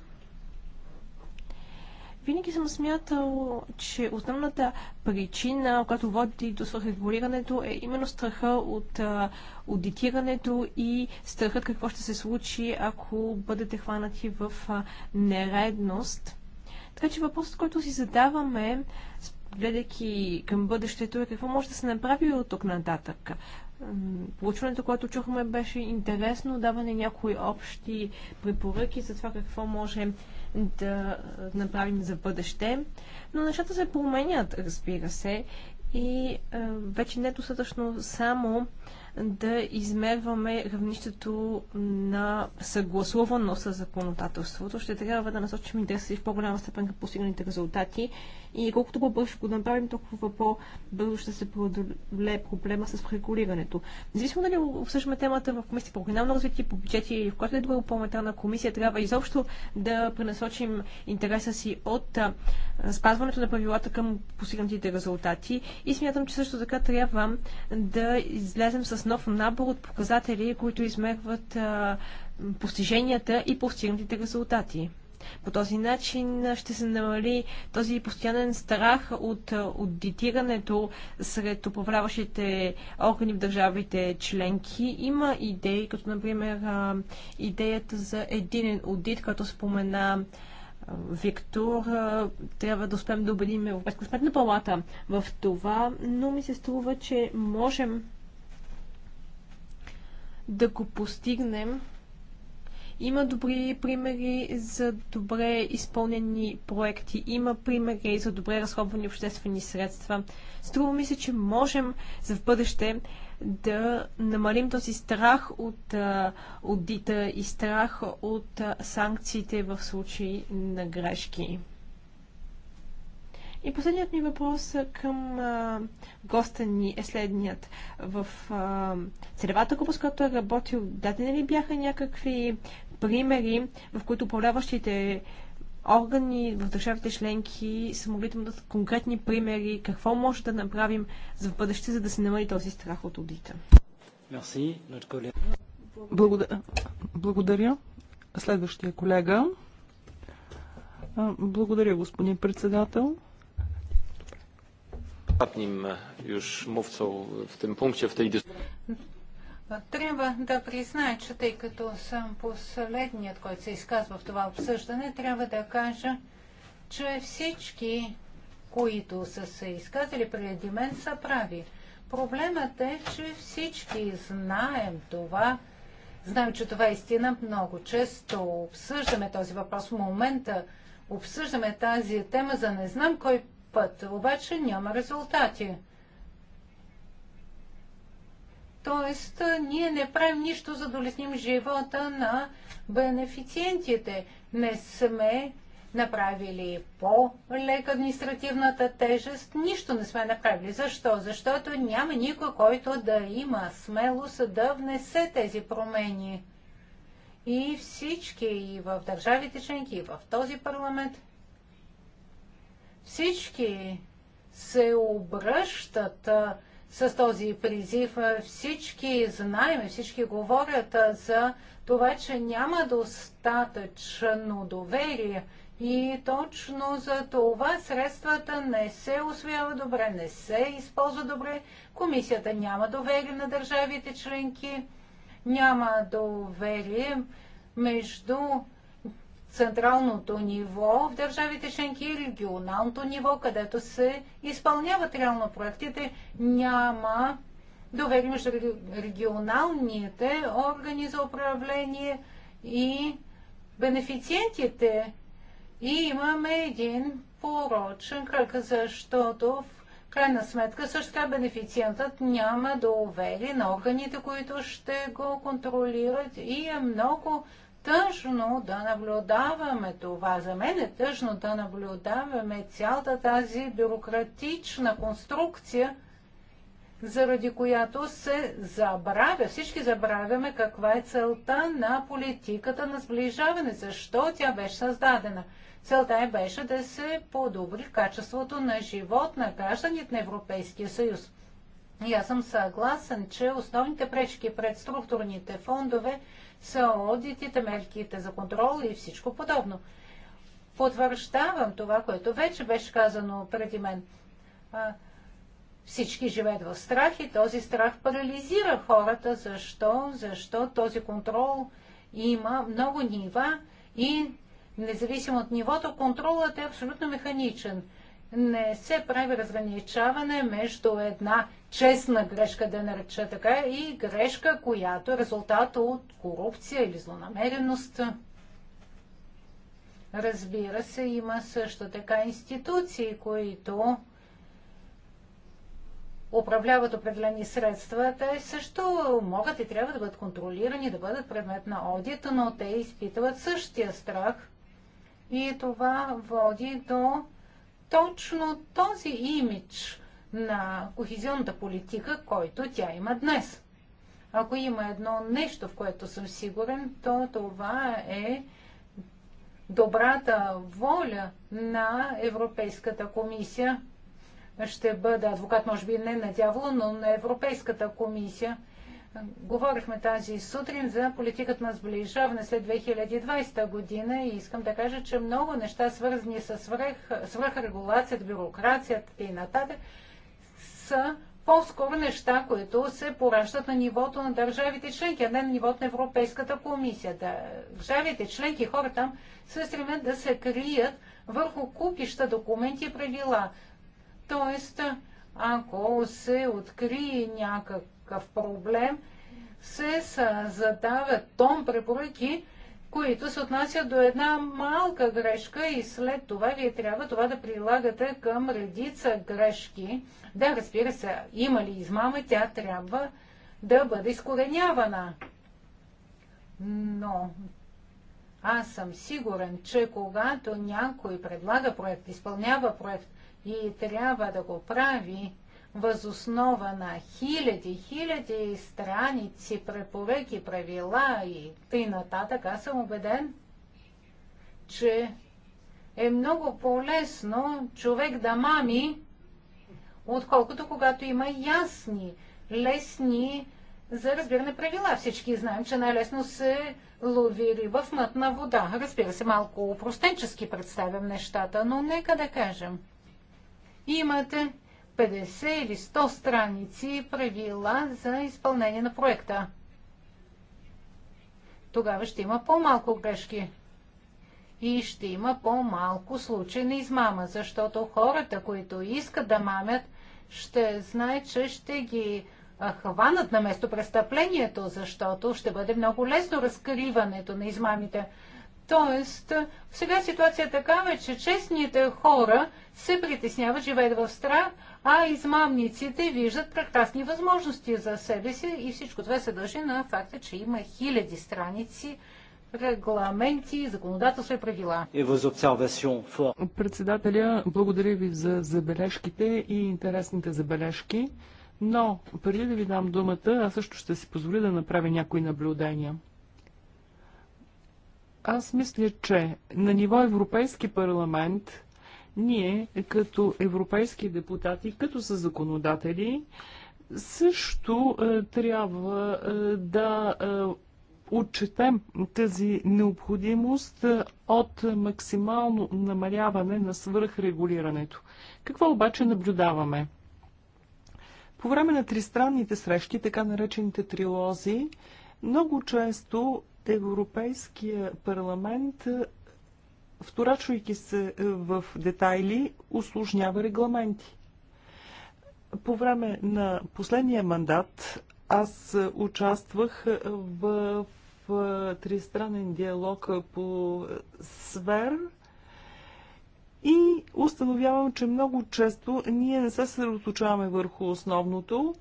B: Винаги съм смятал, че основната причина, която води до свръхрегулирането е именно страха от аудитирането и страхът какво ще се случи, ако бъдете хванати в нередност. Така че въпросът, който си задаваме, гледайки към бъдещето, е какво може да се направи от тук нататък. Получването, което чухме, беше интересно, даване някои общи препоръки за това какво може да направим за бъдеще. Но нещата се променят, разбира се, и вече не е достатъчно само да измерваме равнището на съгласуваност с законодателството. Ще трябва да насочим интереса си в по-голяма степен към постигнаните резултати и колкото по-бързо го направим, толкова по-бързо ще се преодолее проблема с регулирането. Независимо дали обсъждаме темата в комисия по регионално развитие, по бюджети или в която е друга парламентарна комисия, трябва изобщо да пренасочим интереса си от спазването на правилата към постигнатите резултати. И смятам, че също така трябва да излезем с нов набор от показатели, които измерват постиженията и постигнатите резултати. По този начин ще се намали този постоянен страх от аудитирането сред управляващите органи в държавите членки. Има идеи, като например идеята за единен аудит, като спомена Виктор, трябва да успеем да убедим Европейска сметна палата в това, но ми се струва, че можем да го постигнем има добри примери за добре изпълнени проекти, има примери за добре разходвани обществени средства. Струва ми се, че можем за в бъдеще да намалим този страх от аудита и страх от санкциите в случай на грешки. И последният ми въпрос към а, госта ни е следният. В а, целевата група, с която е работил, дадени ли бяха някакви примери, в които управляващите органи в държавите членки са могли да дадат конкретни примери какво може да направим за в бъдеще,
A: за да се намали този страх от одита. Благодаря. Благодаря. Следващия колега. Благодаря, господин председател. Ostatnim e, już mówcą w tym punkcie, w tej dyskusji.
C: Трябва да призная, че тъй като съм последният, който се изказва в това обсъждане, трябва да кажа, че всички, които са се изказали преди мен, са прави. Проблемът е, че всички знаем това. Знаем, че това е истина. Много често обсъждаме този въпрос в момента. Обсъждаме тази тема за не знам кой път, обаче няма резултати. Тоест, ние не правим нищо, за да улесним живота на бенефициентите. Не сме направили по-лека административната тежест, нищо не сме направили. Защо? Защото няма никой, който да има смелост да внесе тези промени. И всички, и в държавите членки, и в този парламент, всички се обръщат с този призив. Всички знаем, всички говорят за това, че няма достатъчно доверие и точно за това средствата не се освоява добре, не се използват добре. Комисията няма доверие на държавите членки, няма доверие между централното ниво в държавите членки и регионалното ниво, където се изпълняват реално проектите, няма доверие между регионалните органи за управление и бенефициентите. И имаме един порочен кръг, защото в крайна сметка също така бенефициентът няма доверие на органите, които ще го контролират и е много тъжно да наблюдаваме това. За мен е тъжно да наблюдаваме цялата тази бюрократична конструкция, заради която се забравя, всички забравяме каква е целта на политиката на сближаване, защо тя беше създадена. Целта е беше да се подобри качеството на живот на гражданите на Европейския съюз. И аз съм съгласен, че основните пречки пред структурните фондове – са одитите, мерките за контрол и всичко подобно. Потвърждавам това, което вече беше казано преди мен. Всички живеят в страх и този страх парализира хората. Защо? Защо този контрол има много нива и независимо от нивото, контролът е абсолютно механичен не се прави разграничаване между една честна грешка, да нареча така, и грешка, която е резултат от корупция или злонамереност. Разбира се, има също така институции, които управляват определени средства, те също могат и трябва да бъдат контролирани, да бъдат предмет на одит, но те изпитват същия страх. И това води до точно този имидж на кохезионната политика, който тя има днес. Ако има едно нещо, в което съм сигурен, то това е добрата воля на Европейската комисия. Ще бъда адвокат, може би не на дявола, но на Европейската комисия – Говорихме тази сутрин за политиката на сближаване след 2020 година и искам да кажа, че много неща, свързани с свръх, свръхрегулацията, бюрокрацията и нататък, са по-скоро неща, които се поращат на нивото на държавите членки, а не на нивото на Европейската комисия. Държавите членки, хора там се стремят да се крият върху купища документи и правила. Тоест, ако се открие някак такъв проблем, се задава том препоръки, които се отнасят до една малка грешка и след това вие трябва това да прилагате към редица грешки. Да, разбира се, има ли измама, тя трябва да бъде изкоренявана. Но аз съм сигурен, че когато някой предлага проект, изпълнява проект и трябва да го прави, възоснова на хиляди, хиляди страници, препоръки, правила и т.н. нататък, съм убеден, че е много по-лесно човек да мами, отколкото когато има ясни, лесни за разбиране правила. Всички знаем, че най-лесно се лови риба в мътна вода. Разбира се, малко упростенчески представям нещата, но нека да кажем. Имате 50 или 100 страници правила за изпълнение на проекта. Тогава ще има по-малко грешки и ще има по-малко случаи на измама, защото хората, които искат да мамят, ще знаят, че ще ги хванат на место престъплението, защото ще бъде много лесно разкриването на измамите. Тоест, сега ситуация е такава, че честните хора се притесняват, живеят в страх, а измамниците виждат прекрасни възможности за себе си и всичко това се дължи на факта, че има хиляди страници регламенти, законодателство и правила.
A: Председателя, благодаря ви за забележките и интересните забележки, но преди да ви дам думата, аз също ще си позволя да направя някои наблюдения. Аз мисля, че на ниво Европейски парламент ние, като европейски депутати, като са законодатели, също е, трябва е, да е, отчетем тази необходимост от максимално намаляване на свръхрегулирането. Какво обаче наблюдаваме? По време на тристранните срещи, така наречените трилози, много често Европейския парламент вторачвайки се е, в детайли, усложнява регламенти. По време на последния мандат аз участвах в, в тристранен диалог по сфер и установявам, че много често ние не се съсредоточаваме върху основното,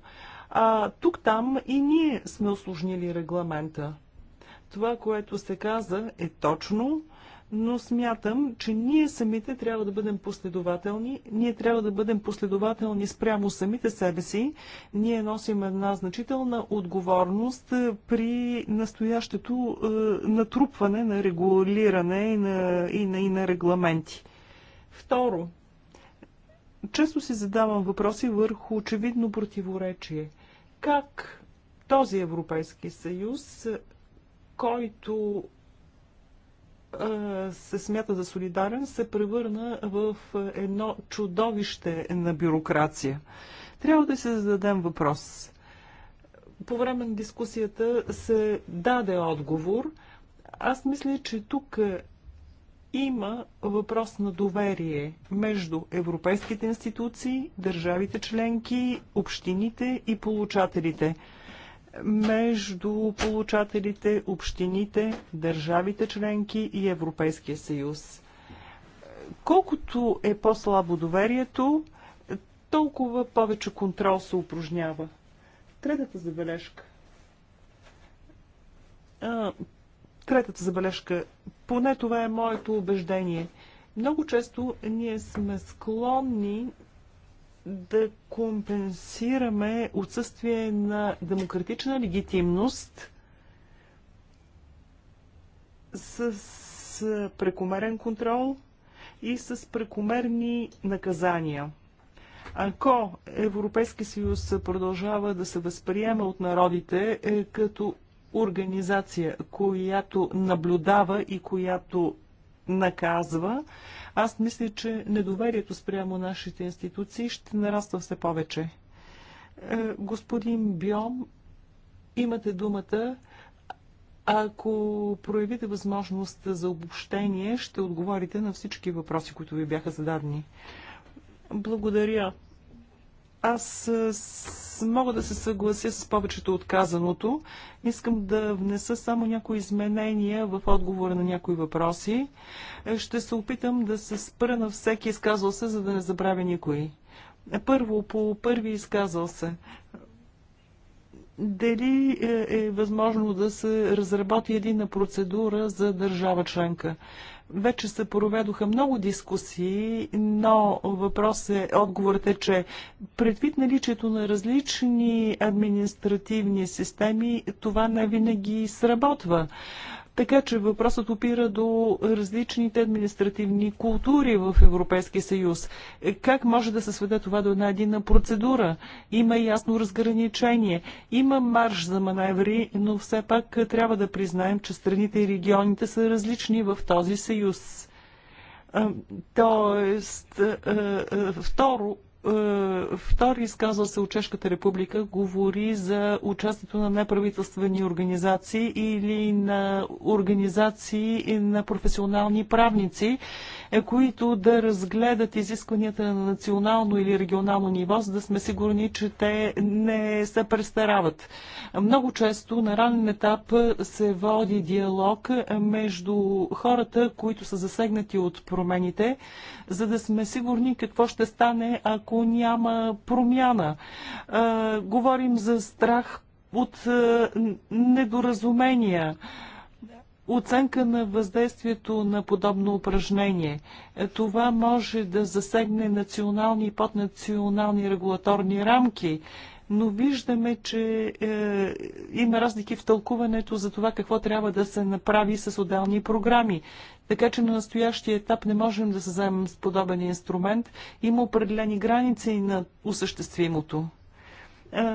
A: а тук-там и ние сме осложнили регламента. Това, което се каза, е точно – но смятам, че ние самите трябва да бъдем последователни. Ние трябва да бъдем последователни спрямо самите себе си. Ние носим една значителна отговорност е, при настоящето е, натрупване на регулиране и на, и на, и на регламенти. Второ, често си задавам въпроси върху очевидно противоречие. Как този Европейски съюз, който се смята за солидарен, се превърна в едно чудовище на бюрокрация. Трябва да се зададем въпрос. По време на дискусията се даде отговор. Аз мисля, че тук има въпрос на доверие между европейските институции, държавите членки, общините и получателите между получателите, общините, държавите членки и Европейския съюз. Колкото е по-слабо доверието, толкова повече контрол се упражнява. Третата забележка. Третата забележка. Поне това е моето убеждение. Много често ние сме склонни да компенсираме отсъствие на демократична легитимност с прекомерен контрол и с прекомерни наказания. Ако Европейски съюз продължава да се възприема от народите е, като организация, която наблюдава и която наказва, аз мисля, че недоверието спрямо нашите институции ще нараства все повече. Е, господин Биом, имате думата. Ако проявите възможност за обобщение, ще отговорите на всички въпроси, които ви бяха зададени. Благодаря. Аз мога да се съглася с повечето отказаното. Искам да внеса само някои изменения в отговора на някои въпроси. Е, ще се опитам да се спра на всеки изказал се, за да не забравя никой. Е, първо, по първи изказал се. Дали е, е възможно да се разработи едина процедура за държава членка? Вече се проведоха много дискусии, но въпрос е, отговорът е, че предвид наличието на различни административни системи, това не винаги сработва. Така че въпросът опира до различните административни култури в Европейския съюз. Е, как може да се сведе това до една единна процедура? Има ясно разграничение. Има марш за маневри, но все пак трябва да признаем, че страните и регионите са различни в този съюз. Е, тоест, е, второ, е, втори изказал се от Чешката република говори за участието на неправителствени организации или на организации на професионални правници е които да разгледат изискванията на национално или регионално ниво, за да сме сигурни, че те не се престарават. Много често на ранен етап се води диалог между хората, които са засегнати от промените, за да сме сигурни какво ще стане, ако няма промяна. Говорим за страх от недоразумения оценка на въздействието на подобно упражнение. Е, това може да засегне национални и поднационални регулаторни рамки, но виждаме, че е, има разлики в тълкуването за това какво трябва да се направи с отделни програми. Така че на настоящия етап не можем да се вземем с подобен инструмент. Има определени граници на осъществимото. Е,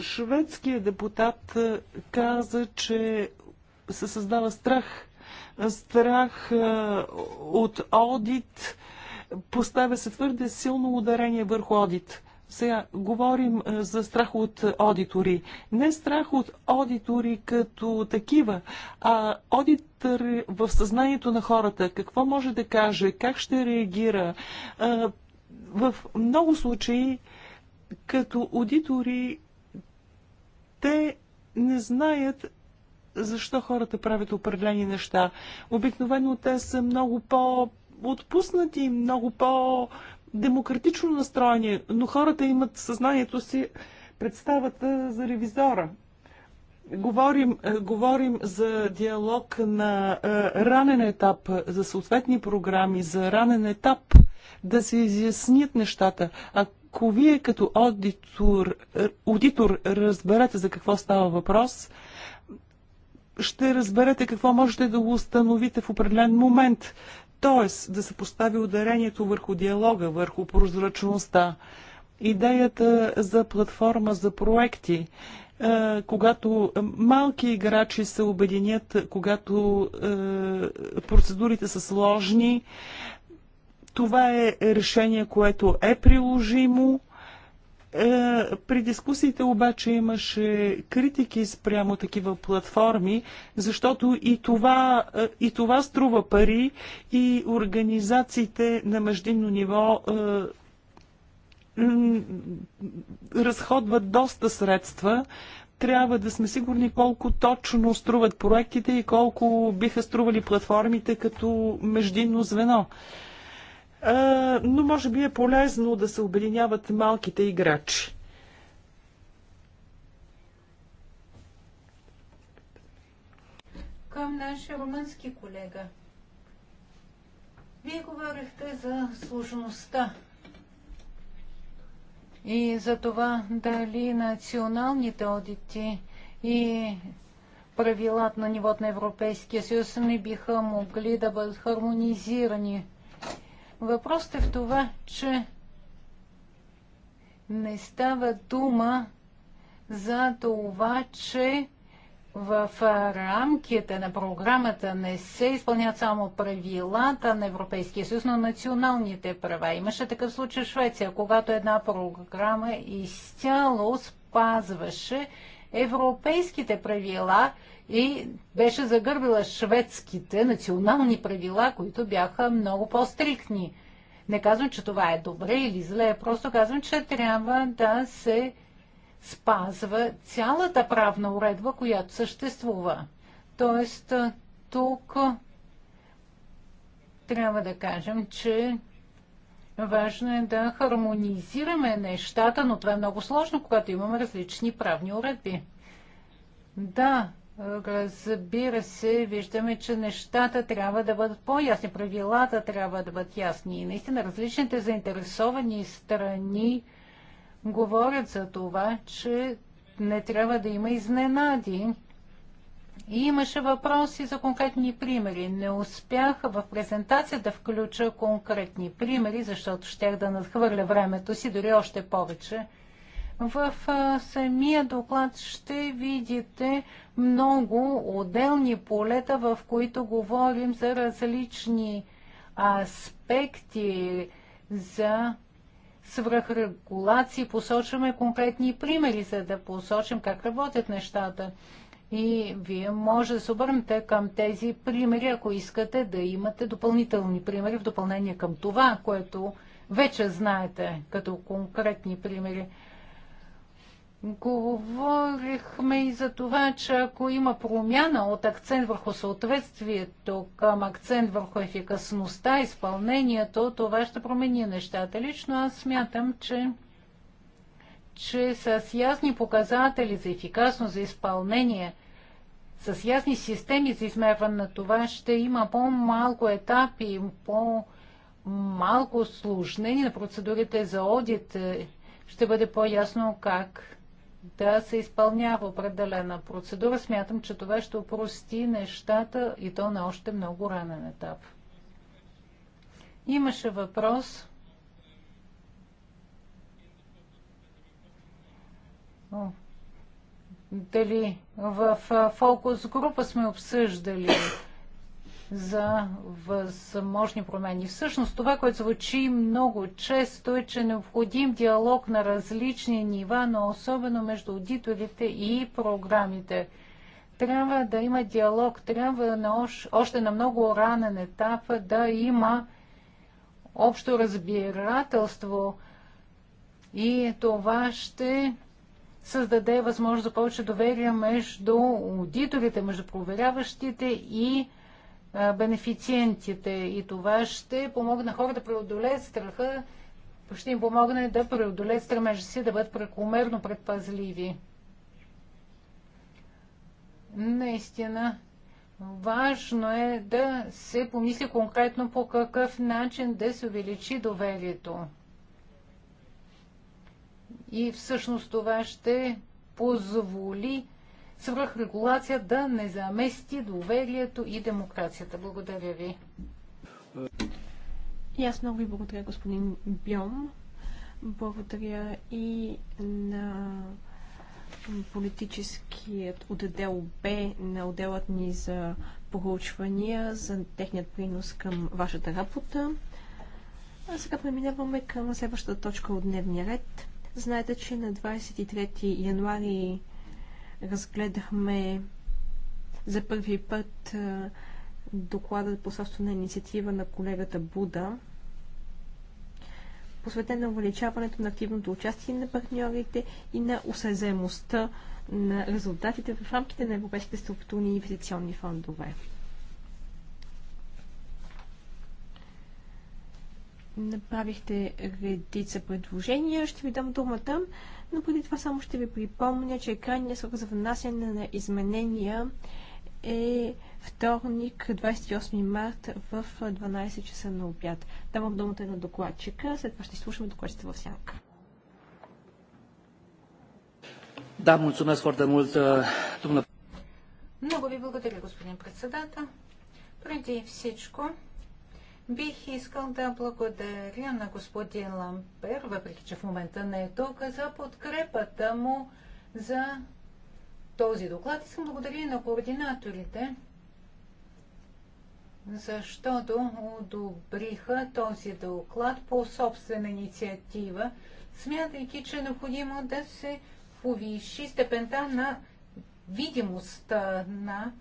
A: шведският депутат е, каза, че се създава страх. Страх е, от одит. Поставя се твърде силно ударение върху одит. Сега говорим е, за страх от аудитори. Не страх от аудитори като такива, а аудитор в съзнанието на хората. Какво може да каже, как ще реагира. Е, в много случаи, като аудитори, те не знаят защо хората правят определени неща. Обикновено те са много по-отпуснати, много по-демократично настроени, но хората имат съзнанието си представата за ревизора. Говорим, е, говорим за диалог на е, ранен етап, за съответни програми, за ранен етап, да се изяснят нещата. ако вие като аудитор, е, аудитор разберете за какво става въпрос, ще разберете какво можете да го установите в определен момент. Тоест да се постави ударението върху диалога, върху прозрачността. Идеята за платформа за проекти, е, когато малки играчи се обединят, когато е, процедурите са сложни, това е решение, което е приложимо е, при дискусиите обаче имаше критики спрямо такива платформи, защото и това, е, и това струва пари и организациите на междинно ниво е, разходват доста средства. Трябва да сме сигурни колко точно струват проектите и колко биха стрували платформите като междинно звено но може би е полезно да се обединяват малките играчи.
C: Към нашия румънски колега. Вие говорихте за сложността и за това дали националните одити и правилата на нивото на Европейския съюз не биха могли да бъдат хармонизирани Въпросът е в това, че не става дума за това, че в рамките на програмата не се изпълняват само правилата на Европейския съюз, но националните права. Имаше такъв случай в Швеция, когато една програма изцяло спазваше европейските правила и беше загърбила шведските национални правила, които бяха много по-стрикни. Не казвам, че това е добре или зле, просто казвам, че трябва да се спазва цялата правна уредба, която съществува. Тоест, тук трябва да кажем, че важно е да хармонизираме нещата, но това е много сложно, когато имаме различни правни уредби. Да, Разбира се, виждаме, че нещата трябва да бъдат по-ясни, правилата трябва да бъдат ясни. И наистина различните заинтересовани страни говорят за това, че не трябва да има изненади. И имаше въпроси за конкретни примери. Не успях в презентация да включа конкретни примери, защото щях да надхвърля времето си дори още повече. В самия доклад ще видите много отделни полета, в които говорим за различни аспекти, за свръхрегулации. Посочваме конкретни примери, за да посочим как работят нещата. И вие може да се обърнете към тези примери, ако искате да имате допълнителни примери в допълнение към това, което вече знаете като конкретни примери. Говорихме и за това, че ако има промяна от акцент върху съответствието към акцент върху ефикасността, изпълнението, това ще промени нещата. Лично аз смятам, че че с ясни показатели за ефикасност, за изпълнение, с ясни системи за измерване на това, ще има по-малко етапи, по-малко служнени на процедурите за одит. Ще бъде по-ясно как да се изпълнява определена процедура. Смятам, че това ще опрости нещата и то на още много ранен етап. Имаше въпрос О, дали в фокус група сме обсъждали за възможни промени. Всъщност това, което звучи много често е, че е необходим диалог на различни нива, но особено между аудиторите и програмите. Трябва да има диалог, трябва на още на много ранен етап да има общо разбирателство и това ще създаде възможност за повече доверие между аудиторите, между проверяващите и бенефициентите и това ще помогне на хората да преодолеят страха, ще им помогне да преодолеят стремежа си да бъдат прекомерно предпазливи. Наистина, важно е да се помисли конкретно по какъв начин да се увеличи доверието. И всъщност това ще позволи свръхрегулация да не замести доверието и демокрацията. Благодаря ви. И аз много ви благодаря,
B: господин Бьом. Благодаря и на политическият отдел Б на отделът ни за проучвания, за техният принос към вашата работа. А сега преминаваме към следващата точка от дневния ред. Знаете, че на 23 януари разгледахме за първи път доклада по собствена инициатива на колегата Буда, посветен на увеличаването на активното участие на партньорите и на осезаемостта на резултатите в рамките на европейските структурни и инвестиционни фондове. Направихте редица предложения. Ще ви дам думата но преди това само ще ви припомня, че крайният срок за внасяне на изменения е вторник, 28 март в 12 часа на обяд. Давам думата на
A: докладчика, след това ще слушаме докладчите в сянка. Да, мулțumesc foarte мулц. Е,
C: Много ви благодаря, господин председател. Преди всичко, Бих искал да благодаря на господин Лампер, въпреки че в момента не е тук, за подкрепата му за този доклад. Искам благодаря и на координаторите, защото одобриха този доклад по собствена инициатива, смятайки, че е необходимо да се повиши степента на видимостта на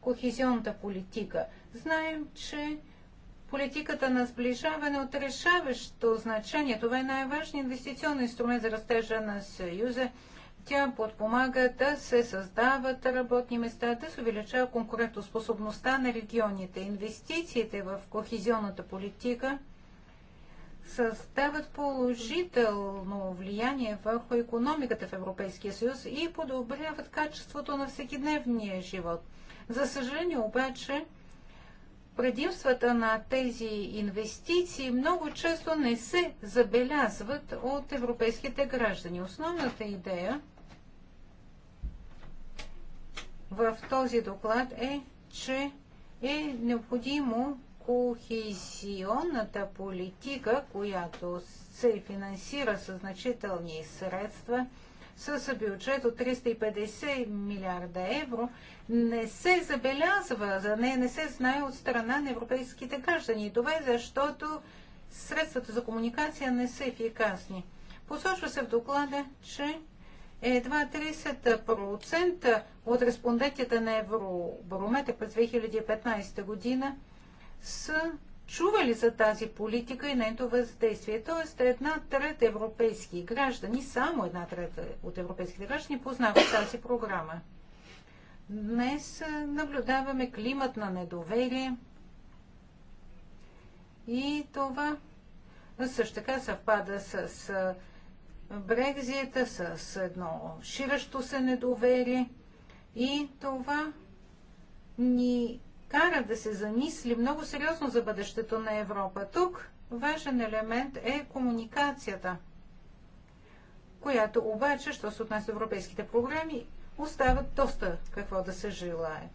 C: кохезионната политика. Знаем, че Политиката на сближаване от решаващо значение. Това е най-важният инвестиционен инструмент за растежа на Съюза. Тя подпомага да се създават работни места, да се увеличава конкурентоспособността на регионите. Инвестициите в кохезионната политика създават положително влияние върху економиката в Европейския съюз и подобряват качеството на всекидневния живот. За съжаление обаче, предимствата на тези инвестиции много често не се забелязват от европейските граждани. Основната идея в този доклад е, че е необходимо кохезионната политика, която се финансира със значителни средства – с бюджет от 350 милиарда евро не се забелязва, за нея не се знае от страна на европейските граждани. това е защото средствата за комуникация не са ефикасни. Посочва се в доклада, че едва 30% от респондентите на Евробарометър през 2015 година са чували за тази политика и нейното въздействие. Тоест, една трета европейски граждани, само една трета от европейските граждани познават тази програма. Днес наблюдаваме климат на недоверие и това също така съвпада с, с Брекзита, с едно ширещо се недоверие и това ни кара да се замисли много сериозно за бъдещето на Европа. Тук важен елемент е комуникацията, която обаче, що се отнася европейските програми, остават доста какво да се желае.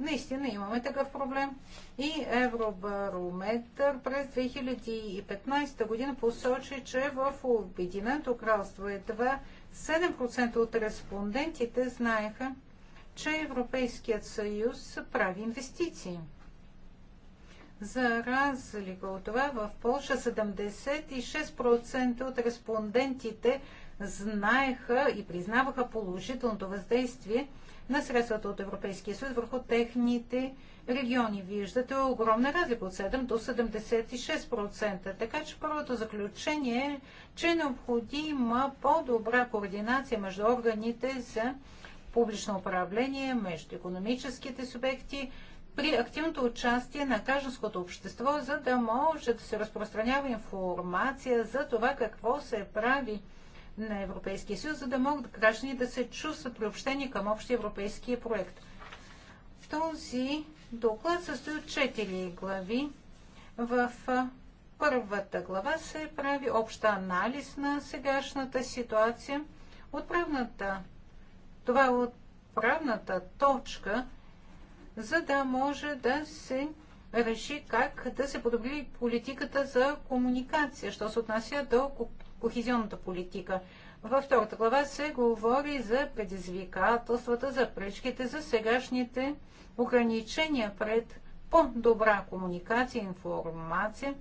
C: Наистина имаме такъв проблем. И Евробарометър през 2015 година посочи, че в Обединеното кралство едва 7% от респондентите знаеха, че Европейският съюз прави инвестиции. За разлика от това, в Польша 76% от респондентите знаеха и признаваха положителното въздействие на средствата от Европейския съюз върху техните региони. Виждате огромна разлика от 7 до 76%. Така че първото заключение е, че е необходима по-добра координация между органите за публично управление между економическите субекти при активното участие на гражданското общество, за да може да се разпространява информация за това какво се прави на Европейския съюз, за да могат граждани да се чувстват приобщени към общия европейски проект. В този доклад състои от четири глави. В първата глава се прави общ анализ на сегашната ситуация. Отправната това е отправната точка, за да може да се реши как да се подобри политиката за комуникация, що се отнася до кохезионната политика. Във втората глава се говори за предизвикателствата, за пречките, за сегашните ограничения пред по-добра комуникация, информация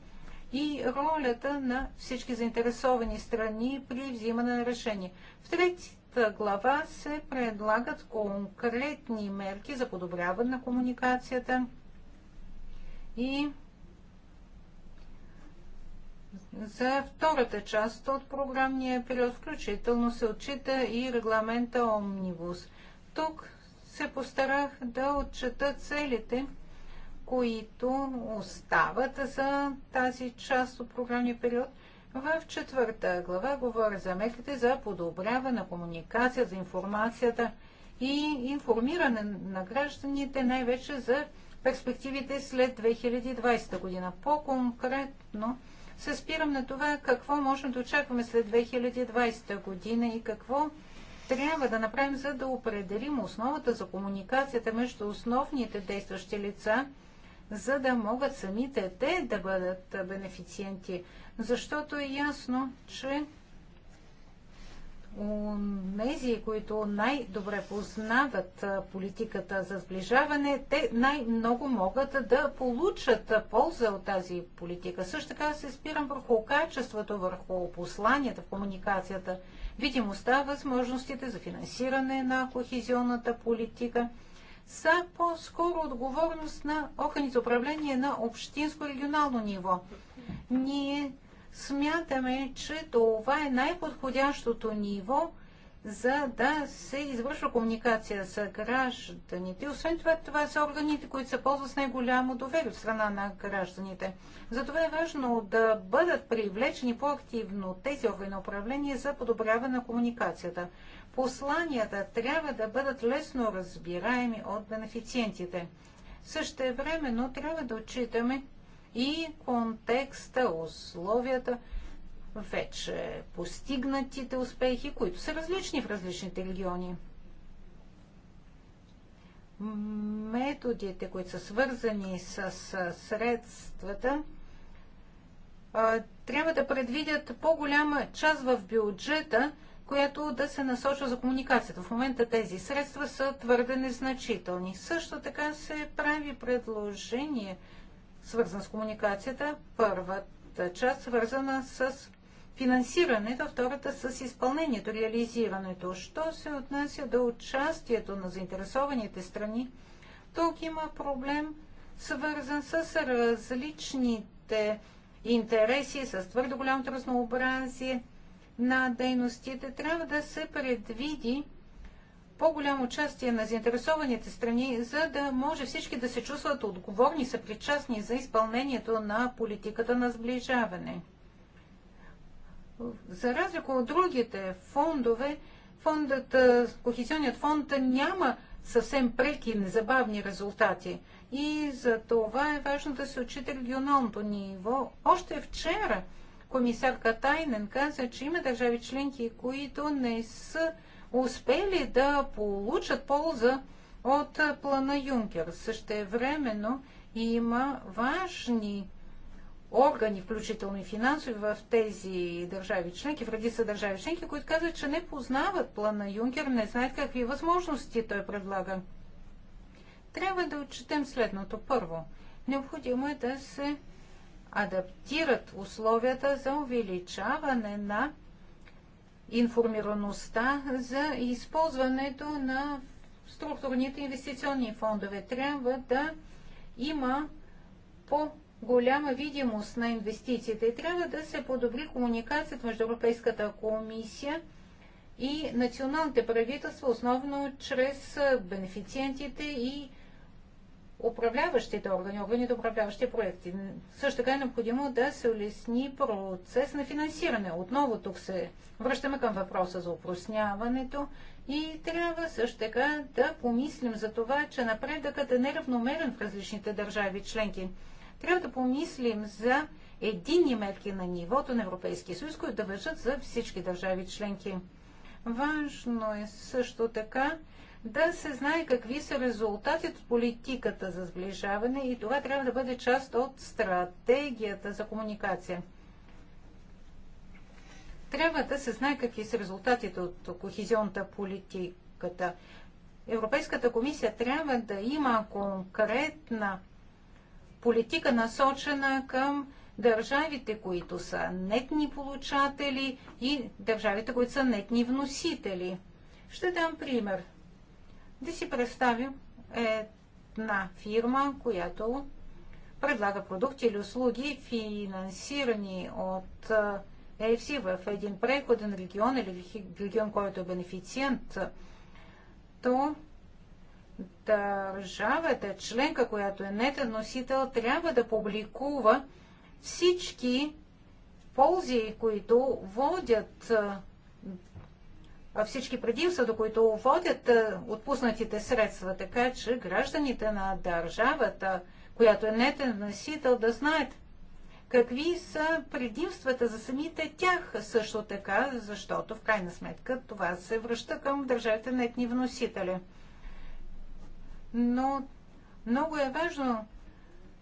C: и ролята на всички заинтересовани страни при взимане на решение. В трети, глава се предлагат конкретни мерки за подобряване на комуникацията и за втората част от програмния период включително се отчита и регламента Омнибус. Тук се постарах да отчета целите, които остават за тази част от програмния период – в четвърта глава говоря за мерките за подобряване на комуникация, за информацията и информиране на гражданите най-вече за перспективите след 2020 година. По-конкретно се спирам на това какво можем да очакваме след 2020 година и какво трябва да направим, за да определим основата за комуникацията между основните действащи лица, за да могат самите те да бъдат бенефициенти защото е ясно, че нези, които най-добре познават политиката за сближаване, те най-много могат да получат полза от тази политика. Също така се спирам върху качеството, върху посланията, комуникацията, видимостта, възможностите за финансиране на кохезионната политика са по-скоро отговорност на органите управление на общинско-регионално ниво. Ние смятаме, че това е най-подходящото ниво, за да се извършва комуникация с гражданите. И освен това, това са органите, които се ползват с най-голямо доверие от страна на гражданите. Затова е важно да бъдат привлечени по-активно тези органи на управление за подобряване на комуникацията. Посланията трябва да бъдат лесно разбираеми от бенефициентите. времено трябва да отчитаме, и контекста, условията, вече постигнатите успехи, които са различни в различните региони. Методите, които са свързани с средствата, трябва да предвидят по-голяма част в бюджета, която да се насочва за комуникацията. В момента тези средства са твърде незначителни. Също така се прави предложение свързан с комуникацията. Първата част свързана с финансирането, втората с изпълнението, реализирането. Що се отнася до участието на заинтересованите страни, тук има проблем свързан с различните интереси, с твърдо голямото разнообразие на дейностите. Трябва да се предвиди по-голямо участие на заинтересованите страни, за да може всички да се чувстват отговорни, съпричастни за изпълнението на политиката на сближаване. За разлика от другите фондове, фондът, Кохезионният фонд няма съвсем преки незабавни резултати. И за това е важно да се отчита регионалното ниво. Още вчера комисарка Тайнен каза, че има държави членки, които не са успели да получат полза от плана Юнкер. Същевременно има важни органи, включително и финансови, в тези държави членки, в редица държави членки, които казват, че не познават плана Юнкер, не знаят какви възможности той предлага. Трябва да отчетем следното. Първо, необходимо е да се адаптират условията за увеличаване на информираността за използването на структурните инвестиционни фондове. Трябва да има по-голяма видимост на инвестициите и трябва да се подобри комуникацията между Европейската комисия и националните правителства, основно чрез бенефициентите и управляващите органи, органите управляващи проекти. Също така е необходимо да се улесни процес на финансиране. Отново тук се връщаме към въпроса за упросняването и трябва също така да помислим за това, че напредъкът е неравномерен в различните държави членки. Трябва да помислим за единни метки на нивото на Европейския съюз, които да въжат за всички държави членки. Важно е също така да се знае какви са резултатите от политиката за сближаване и това трябва да бъде част от стратегията за комуникация. Трябва да се знае какви са резултатите от кохезионната политиката. Европейската комисия трябва да има конкретна политика насочена към държавите, които са нетни получатели и държавите, които са нетни вносители. Ще дам пример. Да си представим една фирма, която предлага продукти или услуги, финансирани от EFC в един преходен регион или регион, който е бенефициент, то държавата, членка, която е нетен носител, трябва да публикува всички ползи, които водят всички предимства, до които водят отпуснатите средства, така че гражданите на държавата, която е нетен носител, да знаят какви са предимствата за самите тях също така, защото в крайна сметка това се връща към държавите нетни вносители. Но много е важно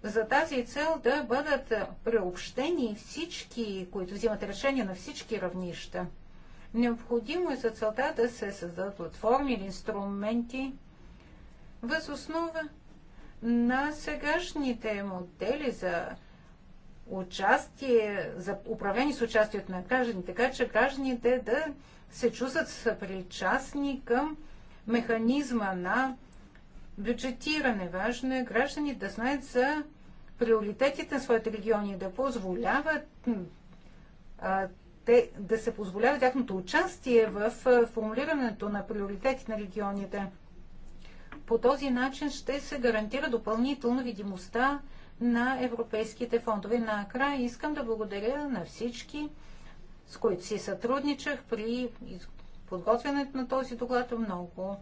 C: за тази цел да бъдат приобщени всички, които взимат решения на всички равнища. Необходимо е за целта да се създадат платформи или инструменти въз основа на сегашните модели за участие, за управление с участието на граждани, така че гражданите да се чувстват съпричастни към механизма на бюджетиране. Важно е граждани да знаят за приоритетите на своите региони, да позволяват а, те, да се позволява тяхното участие в формулирането на приоритети на регионите. По този начин ще се гарантира допълнително видимостта на европейските фондове. Накрая искам да благодаря на всички, с които си сътрудничах при подготвянето на този доклад. Много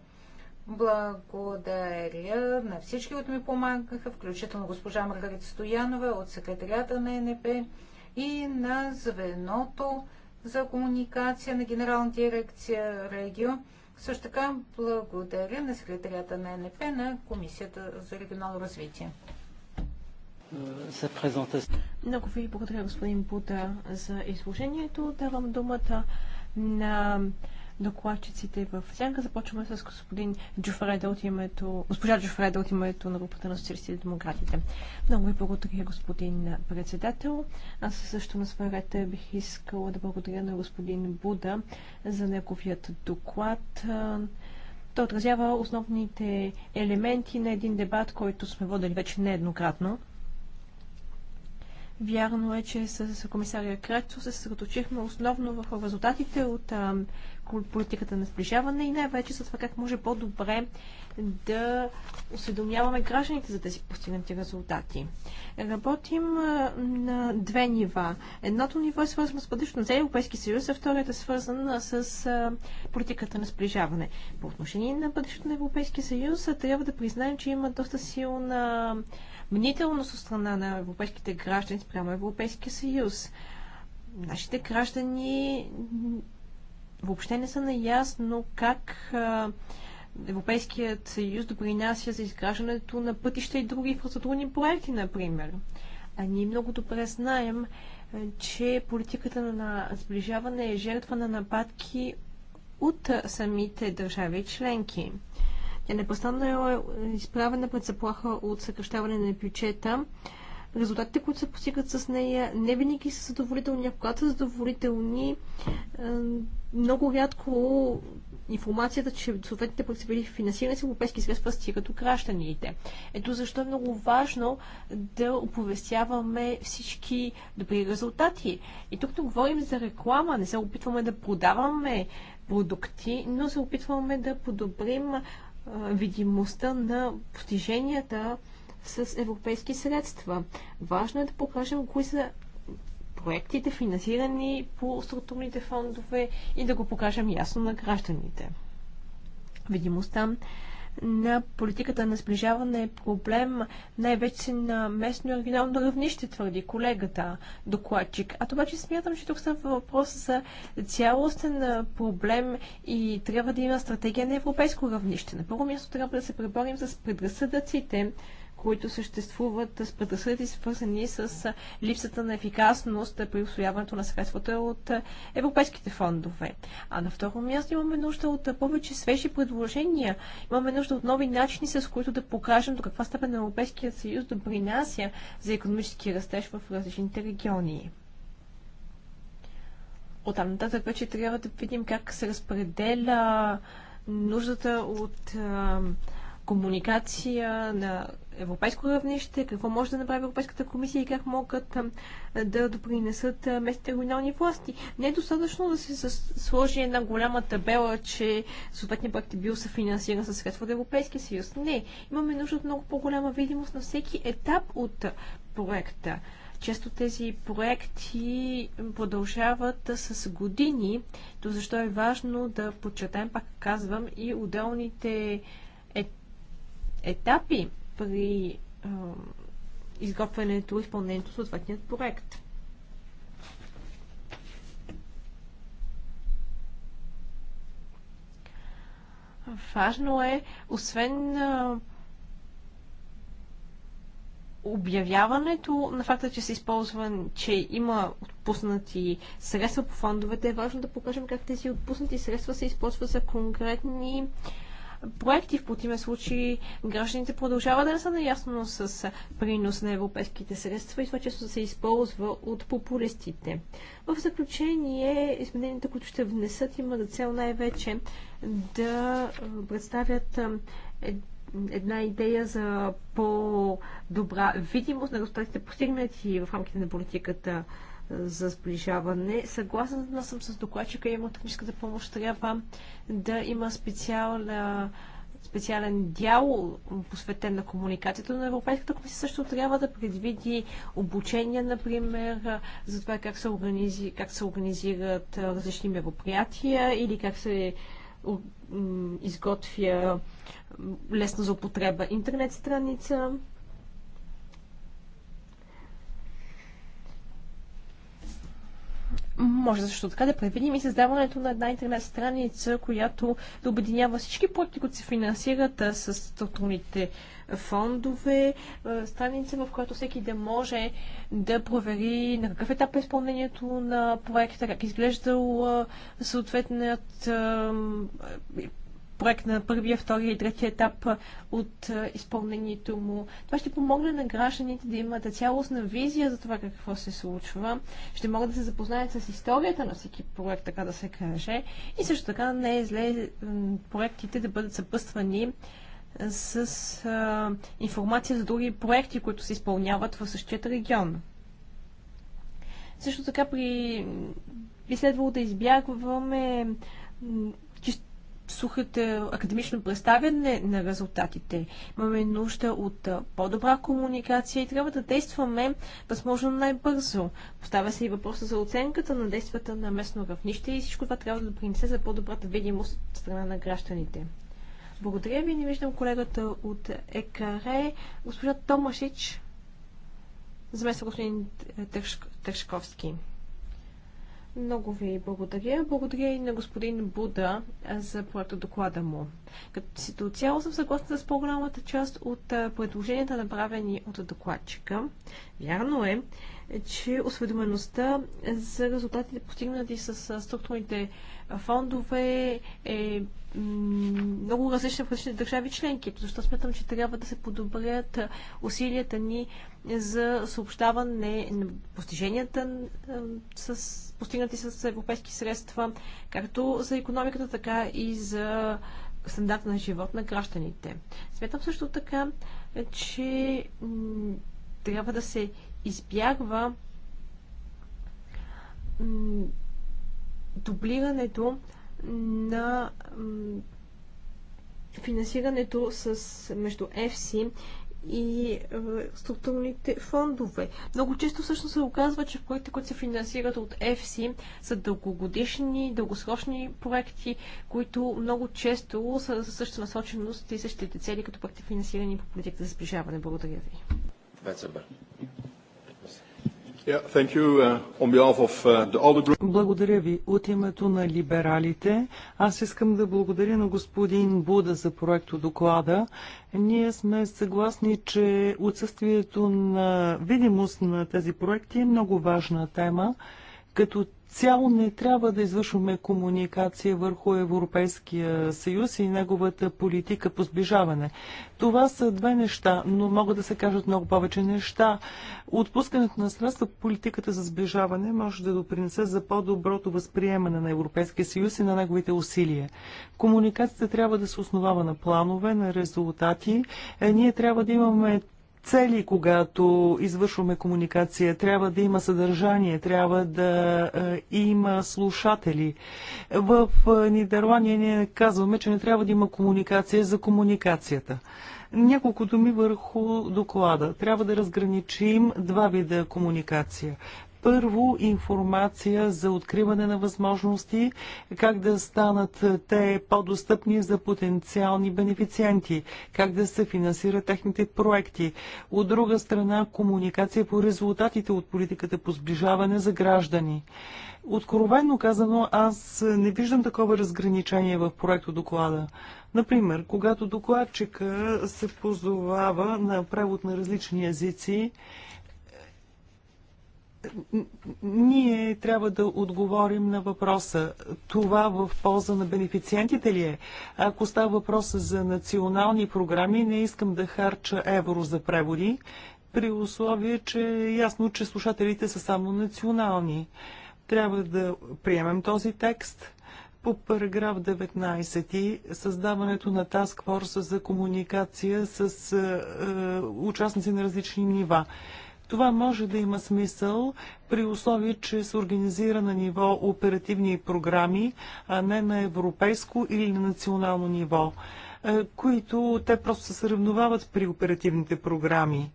C: благодаря на всички, които ми помагаха, включително госпожа Маргарита Стоянова от секретарията на НП и на звеното за комуникация на Генерална дирекция Регио. Също така благодаря на секретарията на НП на Комисията за регионално развитие.
B: Много ви благодаря, господин Бута, за изложението. Давам думата на докладчиците в сянка. Започваме с господин Джуфреда от името, госпожа Джуфреда от името на групата на социалистите и демократите. Много ви благодаря, господин председател. Аз също на своя ред бих искала да благодаря на господин Буда за неговият доклад. Той отразява основните елементи на един дебат, който сме водили вече нееднократно. Вярно е, че с комисария Крецо се съсредоточихме основно в резултатите от политиката на сближаване и най-вече за това как може по-добре да осведомяваме гражданите за тези постигнати резултати. Работим на две нива. Едното ниво е свързано с бъдещето за Европейски съюз, а вторият е свързан с политиката на сближаване. По отношение на бъдещето на Европейския съюз трябва да признаем, че има доста силна мнителност от страна на европейските граждани спрямо Европейския съюз нашите граждани въобще не са наясно как Европейският съюз допринася за изграждането на пътища и други инфраструктурни проекти, например. А ние много добре знаем, че политиката на сближаване е жертва на нападки от самите държави членки. Тя непрестанно е изправена пред заплаха от съкръщаване на бюджета, резултатите, които се постигат с нея, не винаги са задоволителни. А когато са задоволителни, много рядко информацията, че съответните проекти са били финансирани с европейски средства, стига до гражданите. Ето защо е много важно да оповестяваме всички добри резултати. И тук не говорим за реклама, не се опитваме да продаваме продукти, но се опитваме да подобрим видимостта на постиженията с европейски средства. Важно е да покажем кои са проектите, финансирани по структурните фондове и да го покажем ясно на гражданите. Видимостта на политиката на сближаване е проблем най-вече на местно и регионално равнище, твърди колегата докладчик. А това, че смятам, че тук става въпрос за цялостен проблем и трябва да има стратегия на европейско равнище. На първо място трябва да се преборим с предразсъдъците, които съществуват с предразсъди, свързани с липсата на ефикасност при освояването на средствата от европейските фондове. А на второ място имаме нужда от повече свежи предложения. Имаме нужда от нови начини, с които да покажем до каква степен Европейския съюз допринася за економически растеж в различните региони. Оттам нататък вече трябва да видим как се разпределя нуждата от а, комуникация на европейско равнище, какво може да направи Европейската комисия и как могат да допринесат местните регионални власти. Не е достатъчно да се сложи една голяма табела, че съответният проект е бил съфинансиран със средства от Европейския съюз. Не. Имаме нужда от много по-голяма видимост на всеки етап от проекта. Често тези проекти продължават с години, то защо е важно да подчертаем, пак казвам, и отделните е-, етапи при а, изготвянето и изпълнението на съответният проект. Важно е, освен а, обявяването на факта, че се използва, че има отпуснати средства по фондовете, е важно да покажем как тези отпуснати средства се използват за конкретни а, проекти. В противен случай гражданите продължават да не са наясно с принос на европейските средства и това често се използва от популистите. В заключение, измененията, които ще внесат, има за цел най-вече да представят една идея за по-добра видимост на резултатите, постигнати в рамките на политиката за сближаване. Съгласна съм с докладчика и техническата помощ трябва да има специална специален дял, посветен на комуникацията, на Европейската комисия също трябва да предвиди обучение, например, за това как се, организи, как се организират различни мероприятия или как се изготвя лесна за употреба интернет страница. Може също така да предвидим и създаването на една интернет страница, която да обединява всички проекти, които се финансират с структурните фондове, страница, в която всеки да може да провери на какъв етап е изпълнението на проекта, как е изглежда съответният проект на първия, втория и третия етап от е, изпълнението му. Това ще помогне на гражданите да имат цялостна визия за това какво се случва. Ще могат да се запознаят с историята на всеки проект, така да се каже. И също така не е зле проектите да бъдат съпъствани с а, е, информация за други проекти, които се изпълняват в същия регион. Също така при... би следвало да избягваме сухата академично представяне на резултатите. Имаме нужда от по-добра комуникация и трябва да действаме възможно най-бързо. Поставя се и въпроса за оценката на действията на местно равнище и всичко това трябва да принесе за по-добрата видимост от страна на гражданите. Благодаря ви. Не виждам колегата от ЕКАРЕ. Госпожа Томашич, заместник господин Тършковски. Много ви благодаря. Благодаря и на господин Буда за проекта доклада му. Като си до цяло съм съгласна с по-голямата част от предложенията, направени от докладчика. Вярно е, че осведомеността за резултатите, постигнати с структурните фондове е много различна в различните държави членки. Защо смятам, че трябва да се подобрят усилията ни за съобщаване на постиженията с, постигнати с европейски средства, както за економиката, така и за стандарт на живот на гражданите. Смятам също така, че трябва да се избягва дублирането на финансирането с, между ЕФСИ и е, структурните фондове. Много често всъщност се оказва, че проекти, които се финансират от ЕФСИ, са дългогодишни, дългосрочни проекти, които много често са със същата насоченост и същите цели, като проекти финансирани по политиката за сближаване. Благодаря
A: ви.
C: Uh,
A: uh, благодаря ви. От името на либералите, аз искам да благодаря на господин Буда за проекто доклада. Ние сме съгласни, че отсъствието на видимост на тези проекти е много важна тема. Като цяло не трябва да извършваме комуникация върху Европейския съюз и неговата политика по сближаване. Това са две неща, но могат да се кажат много повече неща. Отпускането на средства по политиката за сближаване може да допринесе за по-доброто възприемане на Европейския съюз и на неговите усилия. Комуникацията трябва да се основава на планове, на резултати. Е, ние трябва да имаме цели, когато извършваме комуникация. Трябва да има съдържание, трябва да е, има слушатели. В е, Нидерландия ние казваме, че не трябва да има комуникация за комуникацията. Няколко думи върху доклада. Трябва да разграничим два вида комуникация. Първо, информация за откриване на възможности, как да станат е, те по-достъпни за потенциални бенефициенти, как да се финансират техните проекти. От друга страна, комуникация по резултатите от политиката по сближаване за граждани. Откровенно казано, аз не виждам такова разграничение в проекто доклада. Например, когато докладчика се позовава на превод на различни езици, ние трябва да отговорим на въпроса. Това в полза на бенефициентите ли е? Ако става въпрос за национални програми, не искам да харча евро за преводи, при условие, че е ясно, че слушателите са само национални. Трябва да приемем този текст. По параграф 19 създаването на Таскфорса за комуникация с е, е, участници на различни нива. Това може да има смисъл при условие, че се организира на ниво оперативни програми, а не на европейско или на национално ниво, е, които те просто се съревновават при оперативните програми.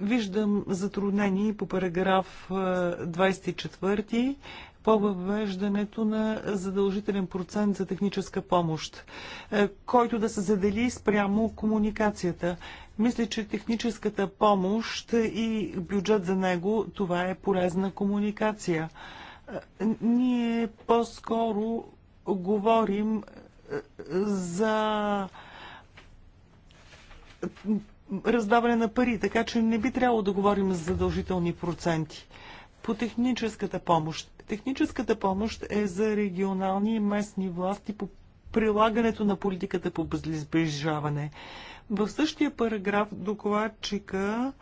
A: Виждам затруднение по параграф 24 е, по въвеждането на задължителен процент за техническа помощ, е, който да се задели спрямо комуникацията. Мисля, че техническата помощ и бюджет за него, това е полезна комуникация. Е, ние по-скоро говорим е, за раздаване на пари, така че не би трябвало да говорим за задължителни проценти. По техническата помощ. Техническата помощ е за регионални и местни власти по прилагането на политиката по безлизбежаване. В същия параграф докладчика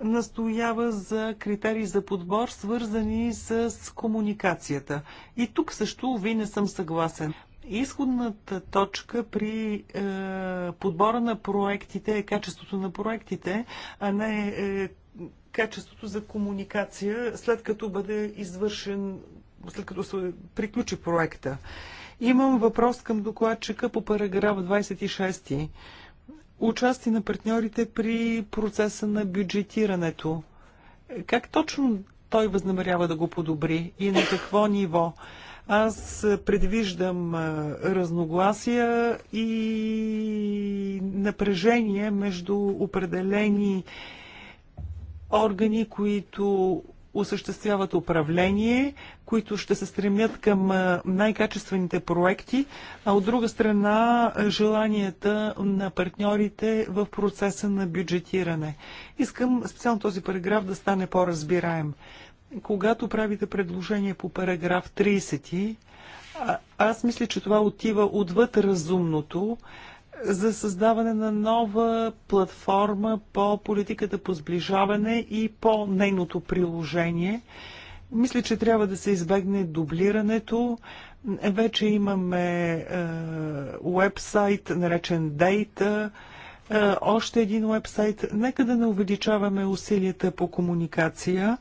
A: настоява за критерии за подбор, свързани с комуникацията. И тук също ви не съм съгласен. Изходната точка при е, подбора на проектите е качеството на проектите, а не е, качеството за комуникация, след като бъде извършен, след като се приключи проекта. Имам въпрос към докладчика по параграф 26 участие на партньорите при процеса на бюджетирането. Как точно той възнамерява да го подобри и на какво ниво? Аз предвиждам разногласия и напрежение между определени органи, които осъществяват управление, които ще се стремят към най-качествените проекти, а от друга страна желанията на партньорите в процеса на бюджетиране. Искам специално този параграф да стане по-разбираем. Когато правите предложение по параграф 30, аз мисля, че това отива отвъд разумното за създаване на нова платформа по политиката по сближаване и по нейното приложение. Мисля, че трябва да се избегне дублирането. Вече имаме е, уебсайт, наречен Data, е, още един уебсайт. Нека да не увеличаваме усилията по комуникация.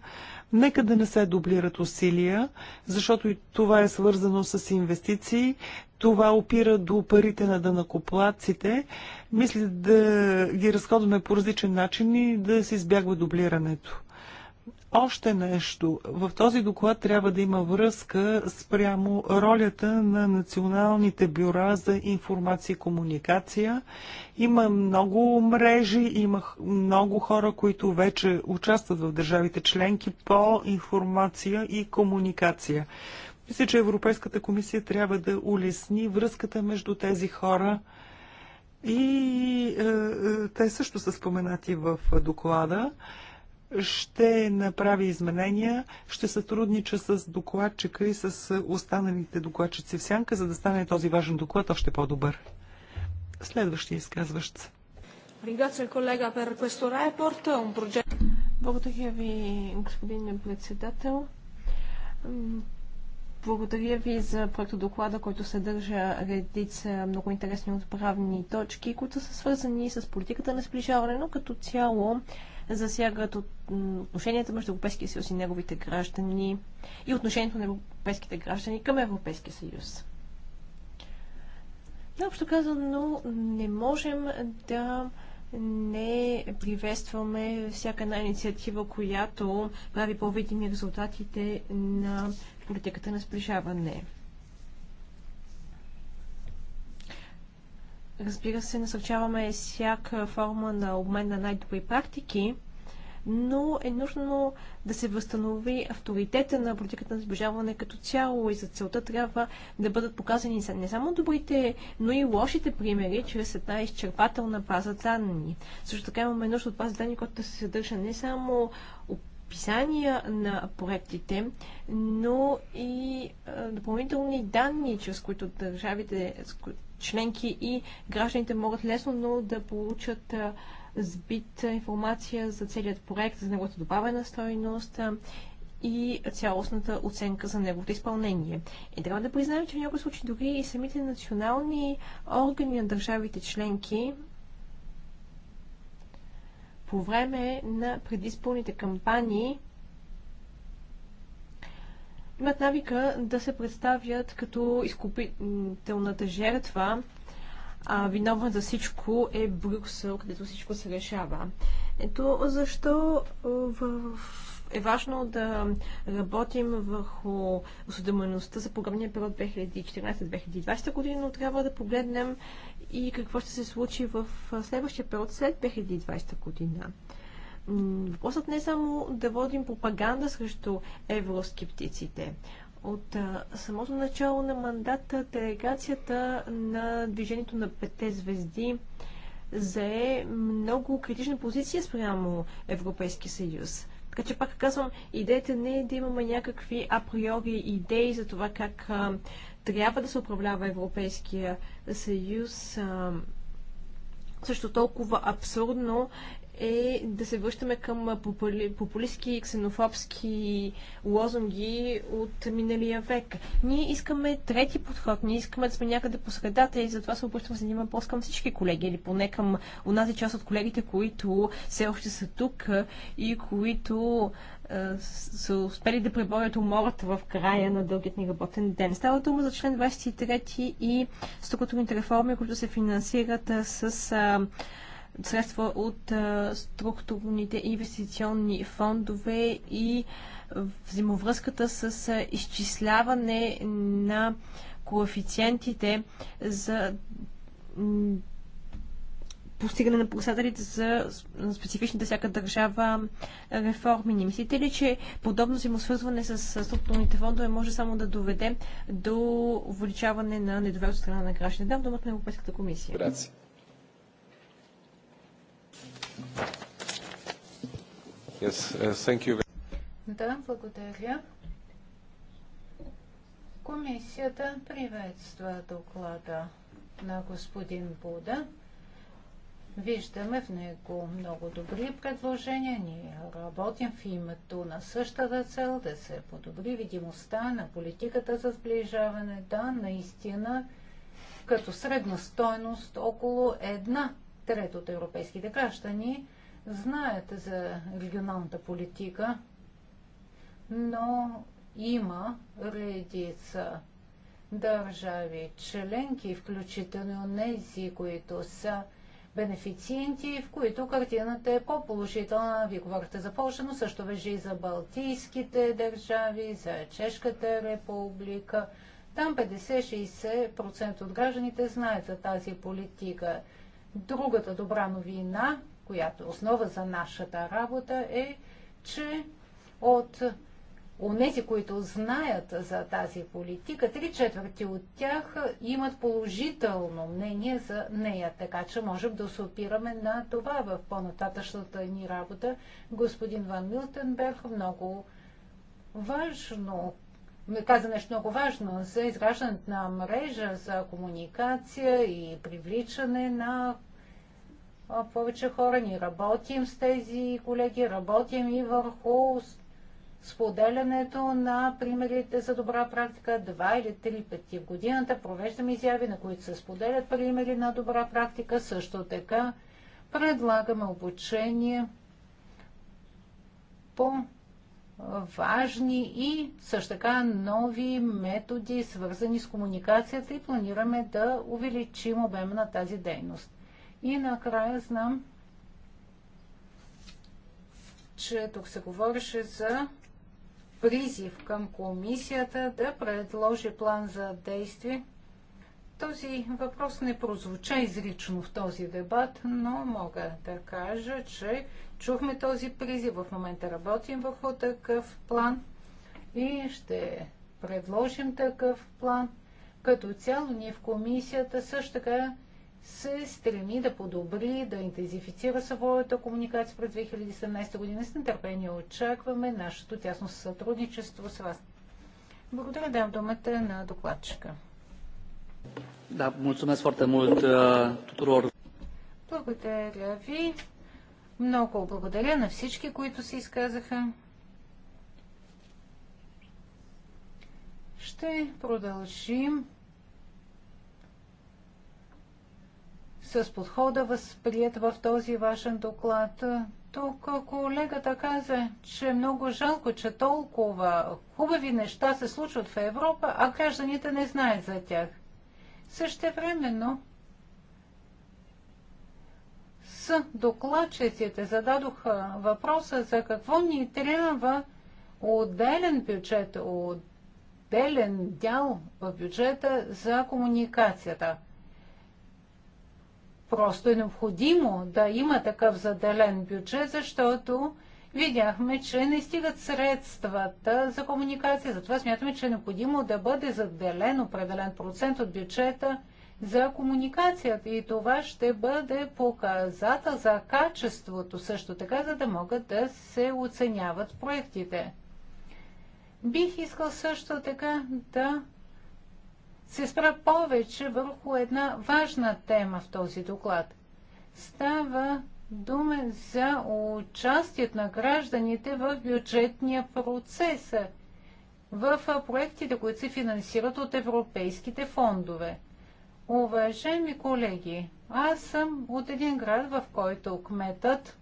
A: Нека да не се дублират усилия, защото и това е свързано с инвестиции. Това опира до парите на дънакоплаците. Мисля да ги разходваме по различен начин и да се избягва дублирането. Още нещо. В този доклад трябва да има връзка спрямо ролята на националните бюра за информация и комуникация. Има много мрежи, има много хора, които вече участват в държавите членки по информация и комуникация. Мисля, че Европейската комисия трябва да улесни връзката между тези хора. И е, е те също са споменати в доклада ще направи изменения, ще сътруднича с докладчика и с останалите докладчици в сянка, за да стане този важен доклад още по-добър. Следващия изказващ
B: Ringrazio il collega per questo report, un progetto... Благодаря ви, господин председател. Благодаря ви за доклада, който съдържа редица много интересни отправни точки, които са свързани с политиката на сближаване, но като цяло засягат от отношенията между Европейския съюз и неговите граждани и отношението на европейските граждани към Европейския съюз. Наобщо казано, не можем да не приветстваме всяка една инициатива, която прави по-видими резултатите на политиката на сближаване. Разбира се, насърчаваме всяка форма на обмен на най-добри практики, но е нужно да се възстанови авторитета на политиката на сближаване като цяло и за целта трябва да бъдат показани не само добрите, но и лошите примери чрез една изчерпателна база данни. Също така имаме нужда от база данни, която да се съдържа не само описания на проектите, но и допълнителни данни, чрез които държавите, членки и гражданите могат лесно но да получат сбит информация за целият проект, за неговата добавена стойност и цялостната оценка за неговото изпълнение. И трябва да признаем, че в някои случаи дори и самите национални органи на държавите членки по време на предизпълните кампании имат навика да се представят като изкупителната жертва, а виновна за всичко е Брюксел, където всичко се решава. Ето защо в е важно да работим върху осъдемоеността за програмния период 2014-2020 година, но трябва да погледнем и какво ще се случи в следващия период след 2020 година. Въпросът не е само да водим пропаганда срещу евроскептиците. От а, самото начало на мандата делегацията на движението на Пете звезди зае много критична позиция спрямо Европейския съюз. Така че пак казвам, идеята не е да имаме някакви априори идеи за това как а, трябва да се управлява Европейския съюз. А, също толкова абсурдно е да се връщаме към попули, популистски и ксенофобски лозунги от миналия век. Ние искаме трети подход, ние искаме да сме някъде по средата и затова се обръщам с един въпрос към всички колеги или поне към онази част от колегите, които все още са тук и които са успели да преборят умората в края на дългият ни работен ден. Става дума за член 23 и структурните реформи, които се финансират с средства от структурните инвестиционни фондове и взаимовръзката с изчисляване на коефициентите за постигане на показателите за специфичните всяка държава реформи. Не мислите ли, че подобно взаимосвързване с структурните фондове може само да доведе до увеличаване на недоверието страна на гражданите? Дам думата
C: на Европейската комисия.
A: Yes, uh, thank you.
C: Да, благодаря. Комисията приветства доклада на господин Буда. Виждаме в него много добри предложения. Ние работим в името на същата цел да се подобри видимостта на политиката за сближаване. Да, наистина, като средна стойност около една трет от европейските граждани знаят за регионалната политика, но има редица държави членки, включително тези, които са бенефициенти, в които картината е по-положителна. Вие говорите за Польша, но също вежи и за Балтийските държави, за Чешката република. Там 50-60% от гражданите знаят за тази политика. Другата добра новина, която е основа за нашата работа е, че от Онези, които знаят за тази политика, три четвърти от тях имат положително мнение за нея, така че можем да се опираме на това в по-нататъчната ни работа. Господин Ван Милтенберг много важно каза нещо много важно за изграждането на мрежа за комуникация и привличане на повече хора. Ние работим с тези колеги, работим и върху споделянето на примерите за добра практика. Два или три пъти в годината провеждаме изяви, на които се споделят примери на добра практика. Също така предлагаме обучение по важни и също така нови методи, свързани с комуникацията и планираме да увеличим обема на тази дейност. И накрая знам, че тук се говореше за призив към комисията да предложи план за действие този въпрос не прозвуча изрично в този дебат, но мога да кажа, че чухме този призив. В момента работим върху такъв план и ще предложим такъв план. Като цяло ние в комисията също така се стреми да подобри, да интензифицира своята комуникация през 2017 година. С нетърпение очакваме нашето тясно сътрудничество с вас. Благодаря, дам думата на докладчика.
A: Da, mulțumesc foarte mult uh, tuturor.
C: Благодаря ви. Много благодаря на всички, които се изказаха. Ще продължим с подхода възприят в този вашен доклад. Тук колегата каза, че е много жалко, че толкова хубави неща се случват в Европа, а гражданите не знаят за тях. Същевременно с докладчиците зададоха въпроса за какво ни трябва отделен бюджет, отделен дял в бюджета за комуникацията. Просто е необходимо да има такъв заделен бюджет, защото видяхме, че не стигат средствата за комуникация. Затова смятаме, че е необходимо да бъде заделен определен процент от бюджета за комуникацията. И това ще бъде показател за качеството също така, за да могат да се оценяват проектите. Бих искал също така да се спра повече върху една важна тема в този доклад. Става дума за участие на гражданите в бюджетния процес в проектите, които се финансират от европейските фондове. Уважаеми колеги, аз съм от един град, в който кметът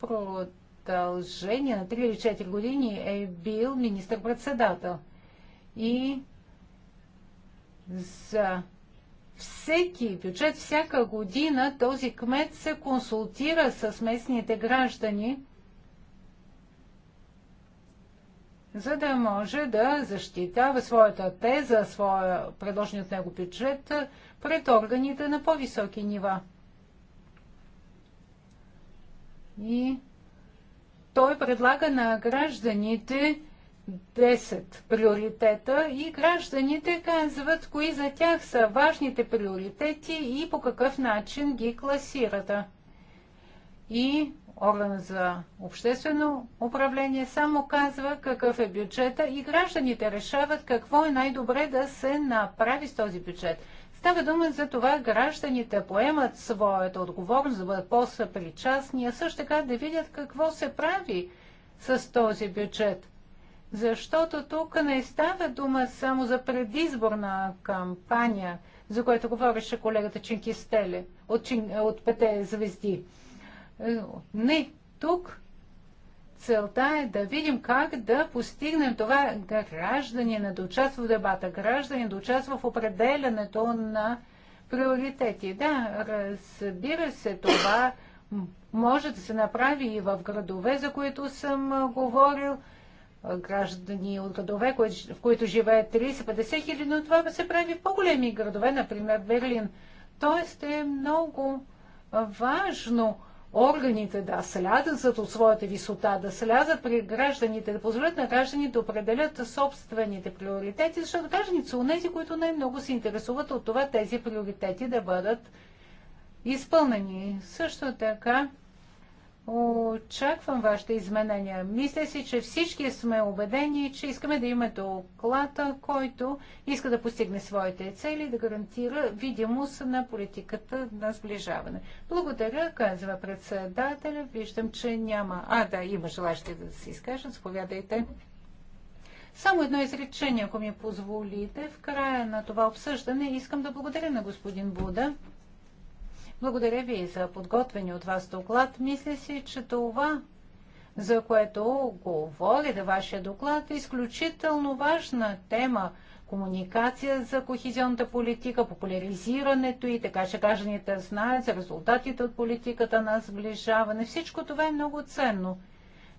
C: продължение на 3 или 4 години е бил министър-председател. И за всеки бюджет, всяка година този кмет се консултира с местните граждани, за да може да защитава своята теза, своя предложен от него бюджет пред органите на по-високи нива. И той предлага на гражданите 10 приоритета и гражданите казват кои за тях са важните приоритети и по какъв начин ги класират. И органът за обществено управление само казва какъв е бюджета и гражданите решават какво е най-добре да се направи с този бюджет. Става дума за това гражданите поемат своята отговорност да бъдат по-съпричастни, а също така да видят какво се прави с този бюджет – защото тук не става дума само за предизборна кампания, за която говореше колегата Чинкистеле от, Чин... от Пете звезди. Е, не, тук целта е да видим как да постигнем това гражданина да участва в дебата, гражданин да участва в определянето на приоритети. Да, разбира се, това може да се направи и в градове, за които съм говорил – граждани от градове, в които живеят 30-50 хиляди, но това се прави в по-големи градове, например Берлин. Тоест е много важно органите да слязат от своята висота, да слязат при гражданите, да позволят на гражданите да определят собствените приоритети, защото гражданите са нези, които най-много се интересуват от това тези приоритети да бъдат изпълнени. Също така Очаквам вашите изменения. Мисля си, че всички сме убедени, че искаме да имаме доклада, който иска да постигне своите цели и да гарантира видимост на политиката на сближаване. Благодаря, казва председателя. Виждам, че няма. А, да, има желащи да се изкажат. Заповядайте. Само едно изречение, ако ми позволите. В края на това обсъждане искам да благодаря на господин Буда. Благодаря ви за подготвени от вас доклад. Мисля си, че това, за което говори да вашия доклад, е изключително важна тема комуникация за кохезионната политика, популяризирането и така че гражданите знаят за резултатите от политиката на сближаване. Всичко това е много ценно.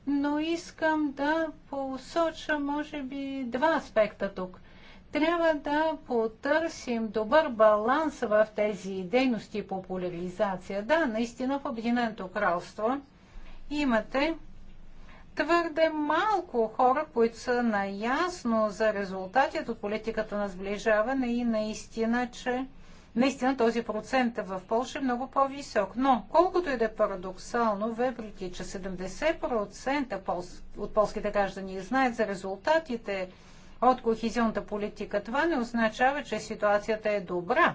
C: Но искам да посоча, може би, два аспекта тук. Трябва да потърсим добър баланс в тези дейности и популяризация. Да, наистина в Обединеното кралство имате твърде малко хора, които са наясно за резултатите от политиката на сближаване и наистина, че наистина този процент в Польша е много по-висок. Но, колкото и да е парадоксално, въпреки, че 70% от полските граждани знаят за резултатите от кохезионната политика. Това не означава, че ситуацията е добра.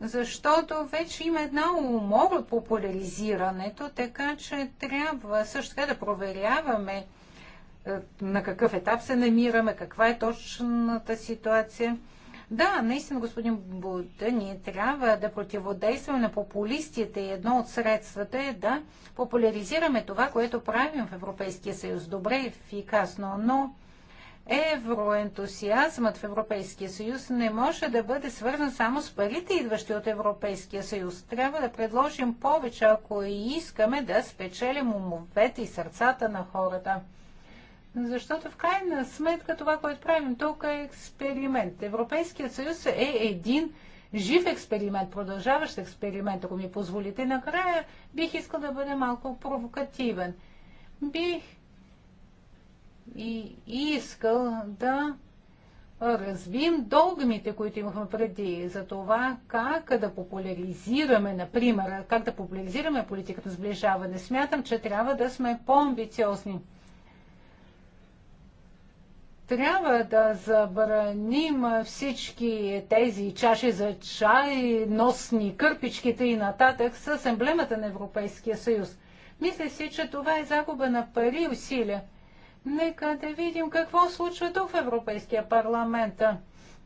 C: Защото вече има една умора по поляризирането, така че трябва също така да проверяваме е, на какъв етап се намираме, каква е точната ситуация. Да, наистина, господин Буда, ние трябва да противодействаме на популистите и едно от средствата е да популяризираме това, което правим в Европейския съюз. Добре, и ефикасно, но евроентусиазмът в Европейския съюз не може да бъде свързан само с парите, идващи от Европейския съюз. Трябва да предложим повече, ако искаме да спечелим умовете и сърцата на хората. Защото в крайна сметка това, което правим тук е експеримент. Европейският съюз е един жив експеримент, продължаващ експеримент, ако ми позволите. Накрая бих искал да бъда малко провокативен. Бих и искал да развием догмите, които имахме преди, за това как да популяризираме, например, как да популяризираме политиката на сближаване. Смятам, че трябва да сме по-амбициозни трябва да забраним всички тези чаши за чай, носни кърпичките и нататък с емблемата на Европейския съюз. Мисля си, че това е загуба на пари и усилия. Нека да видим какво случва тук в Европейския парламент,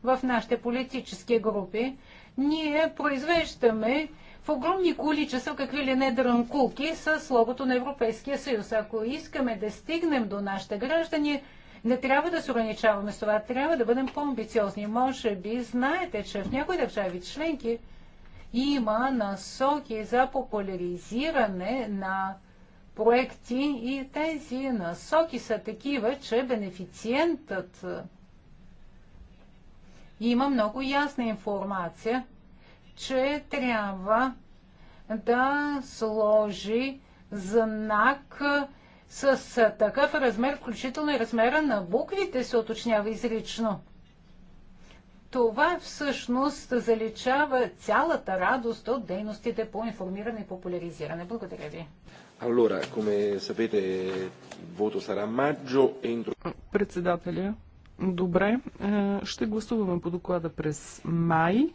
C: в нашите политически групи. Ние произвеждаме в огромни количества какви ли не дрънкулки с логото на Европейския съюз. Ако искаме да стигнем до нашите граждани, не трябва да се ограничаваме с това, трябва да бъдем по-амбициозни. Може би знаете, че в някои държави членки има насоки за популяризиране на проекти и тези насоки са такива, че бенефициентът е, има много ясна информация, че трябва да сложи знак е, с такъв размер, включително и размера на буквите се уточнява изрично. Това всъщност заличава цялата радост от дейностите по информиране и популяризиране. Благодаря ви.
A: Allora, come sapete, voto sarà a maggio entro... Председателя, добре, е, ще гласуваме по доклада през май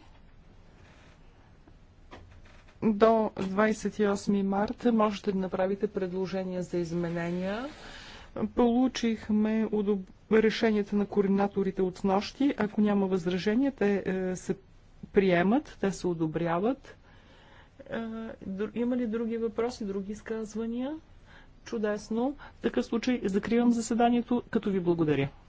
A: до 28 марта можете да направите предложения за изменения. Получихме решенията на координаторите от нощи. Ако няма възражения, те е, се приемат, те се одобряват. Е, има ли други въпроси, други изказвания? Чудесно. В такъв случай закривам заседанието, като ви благодаря.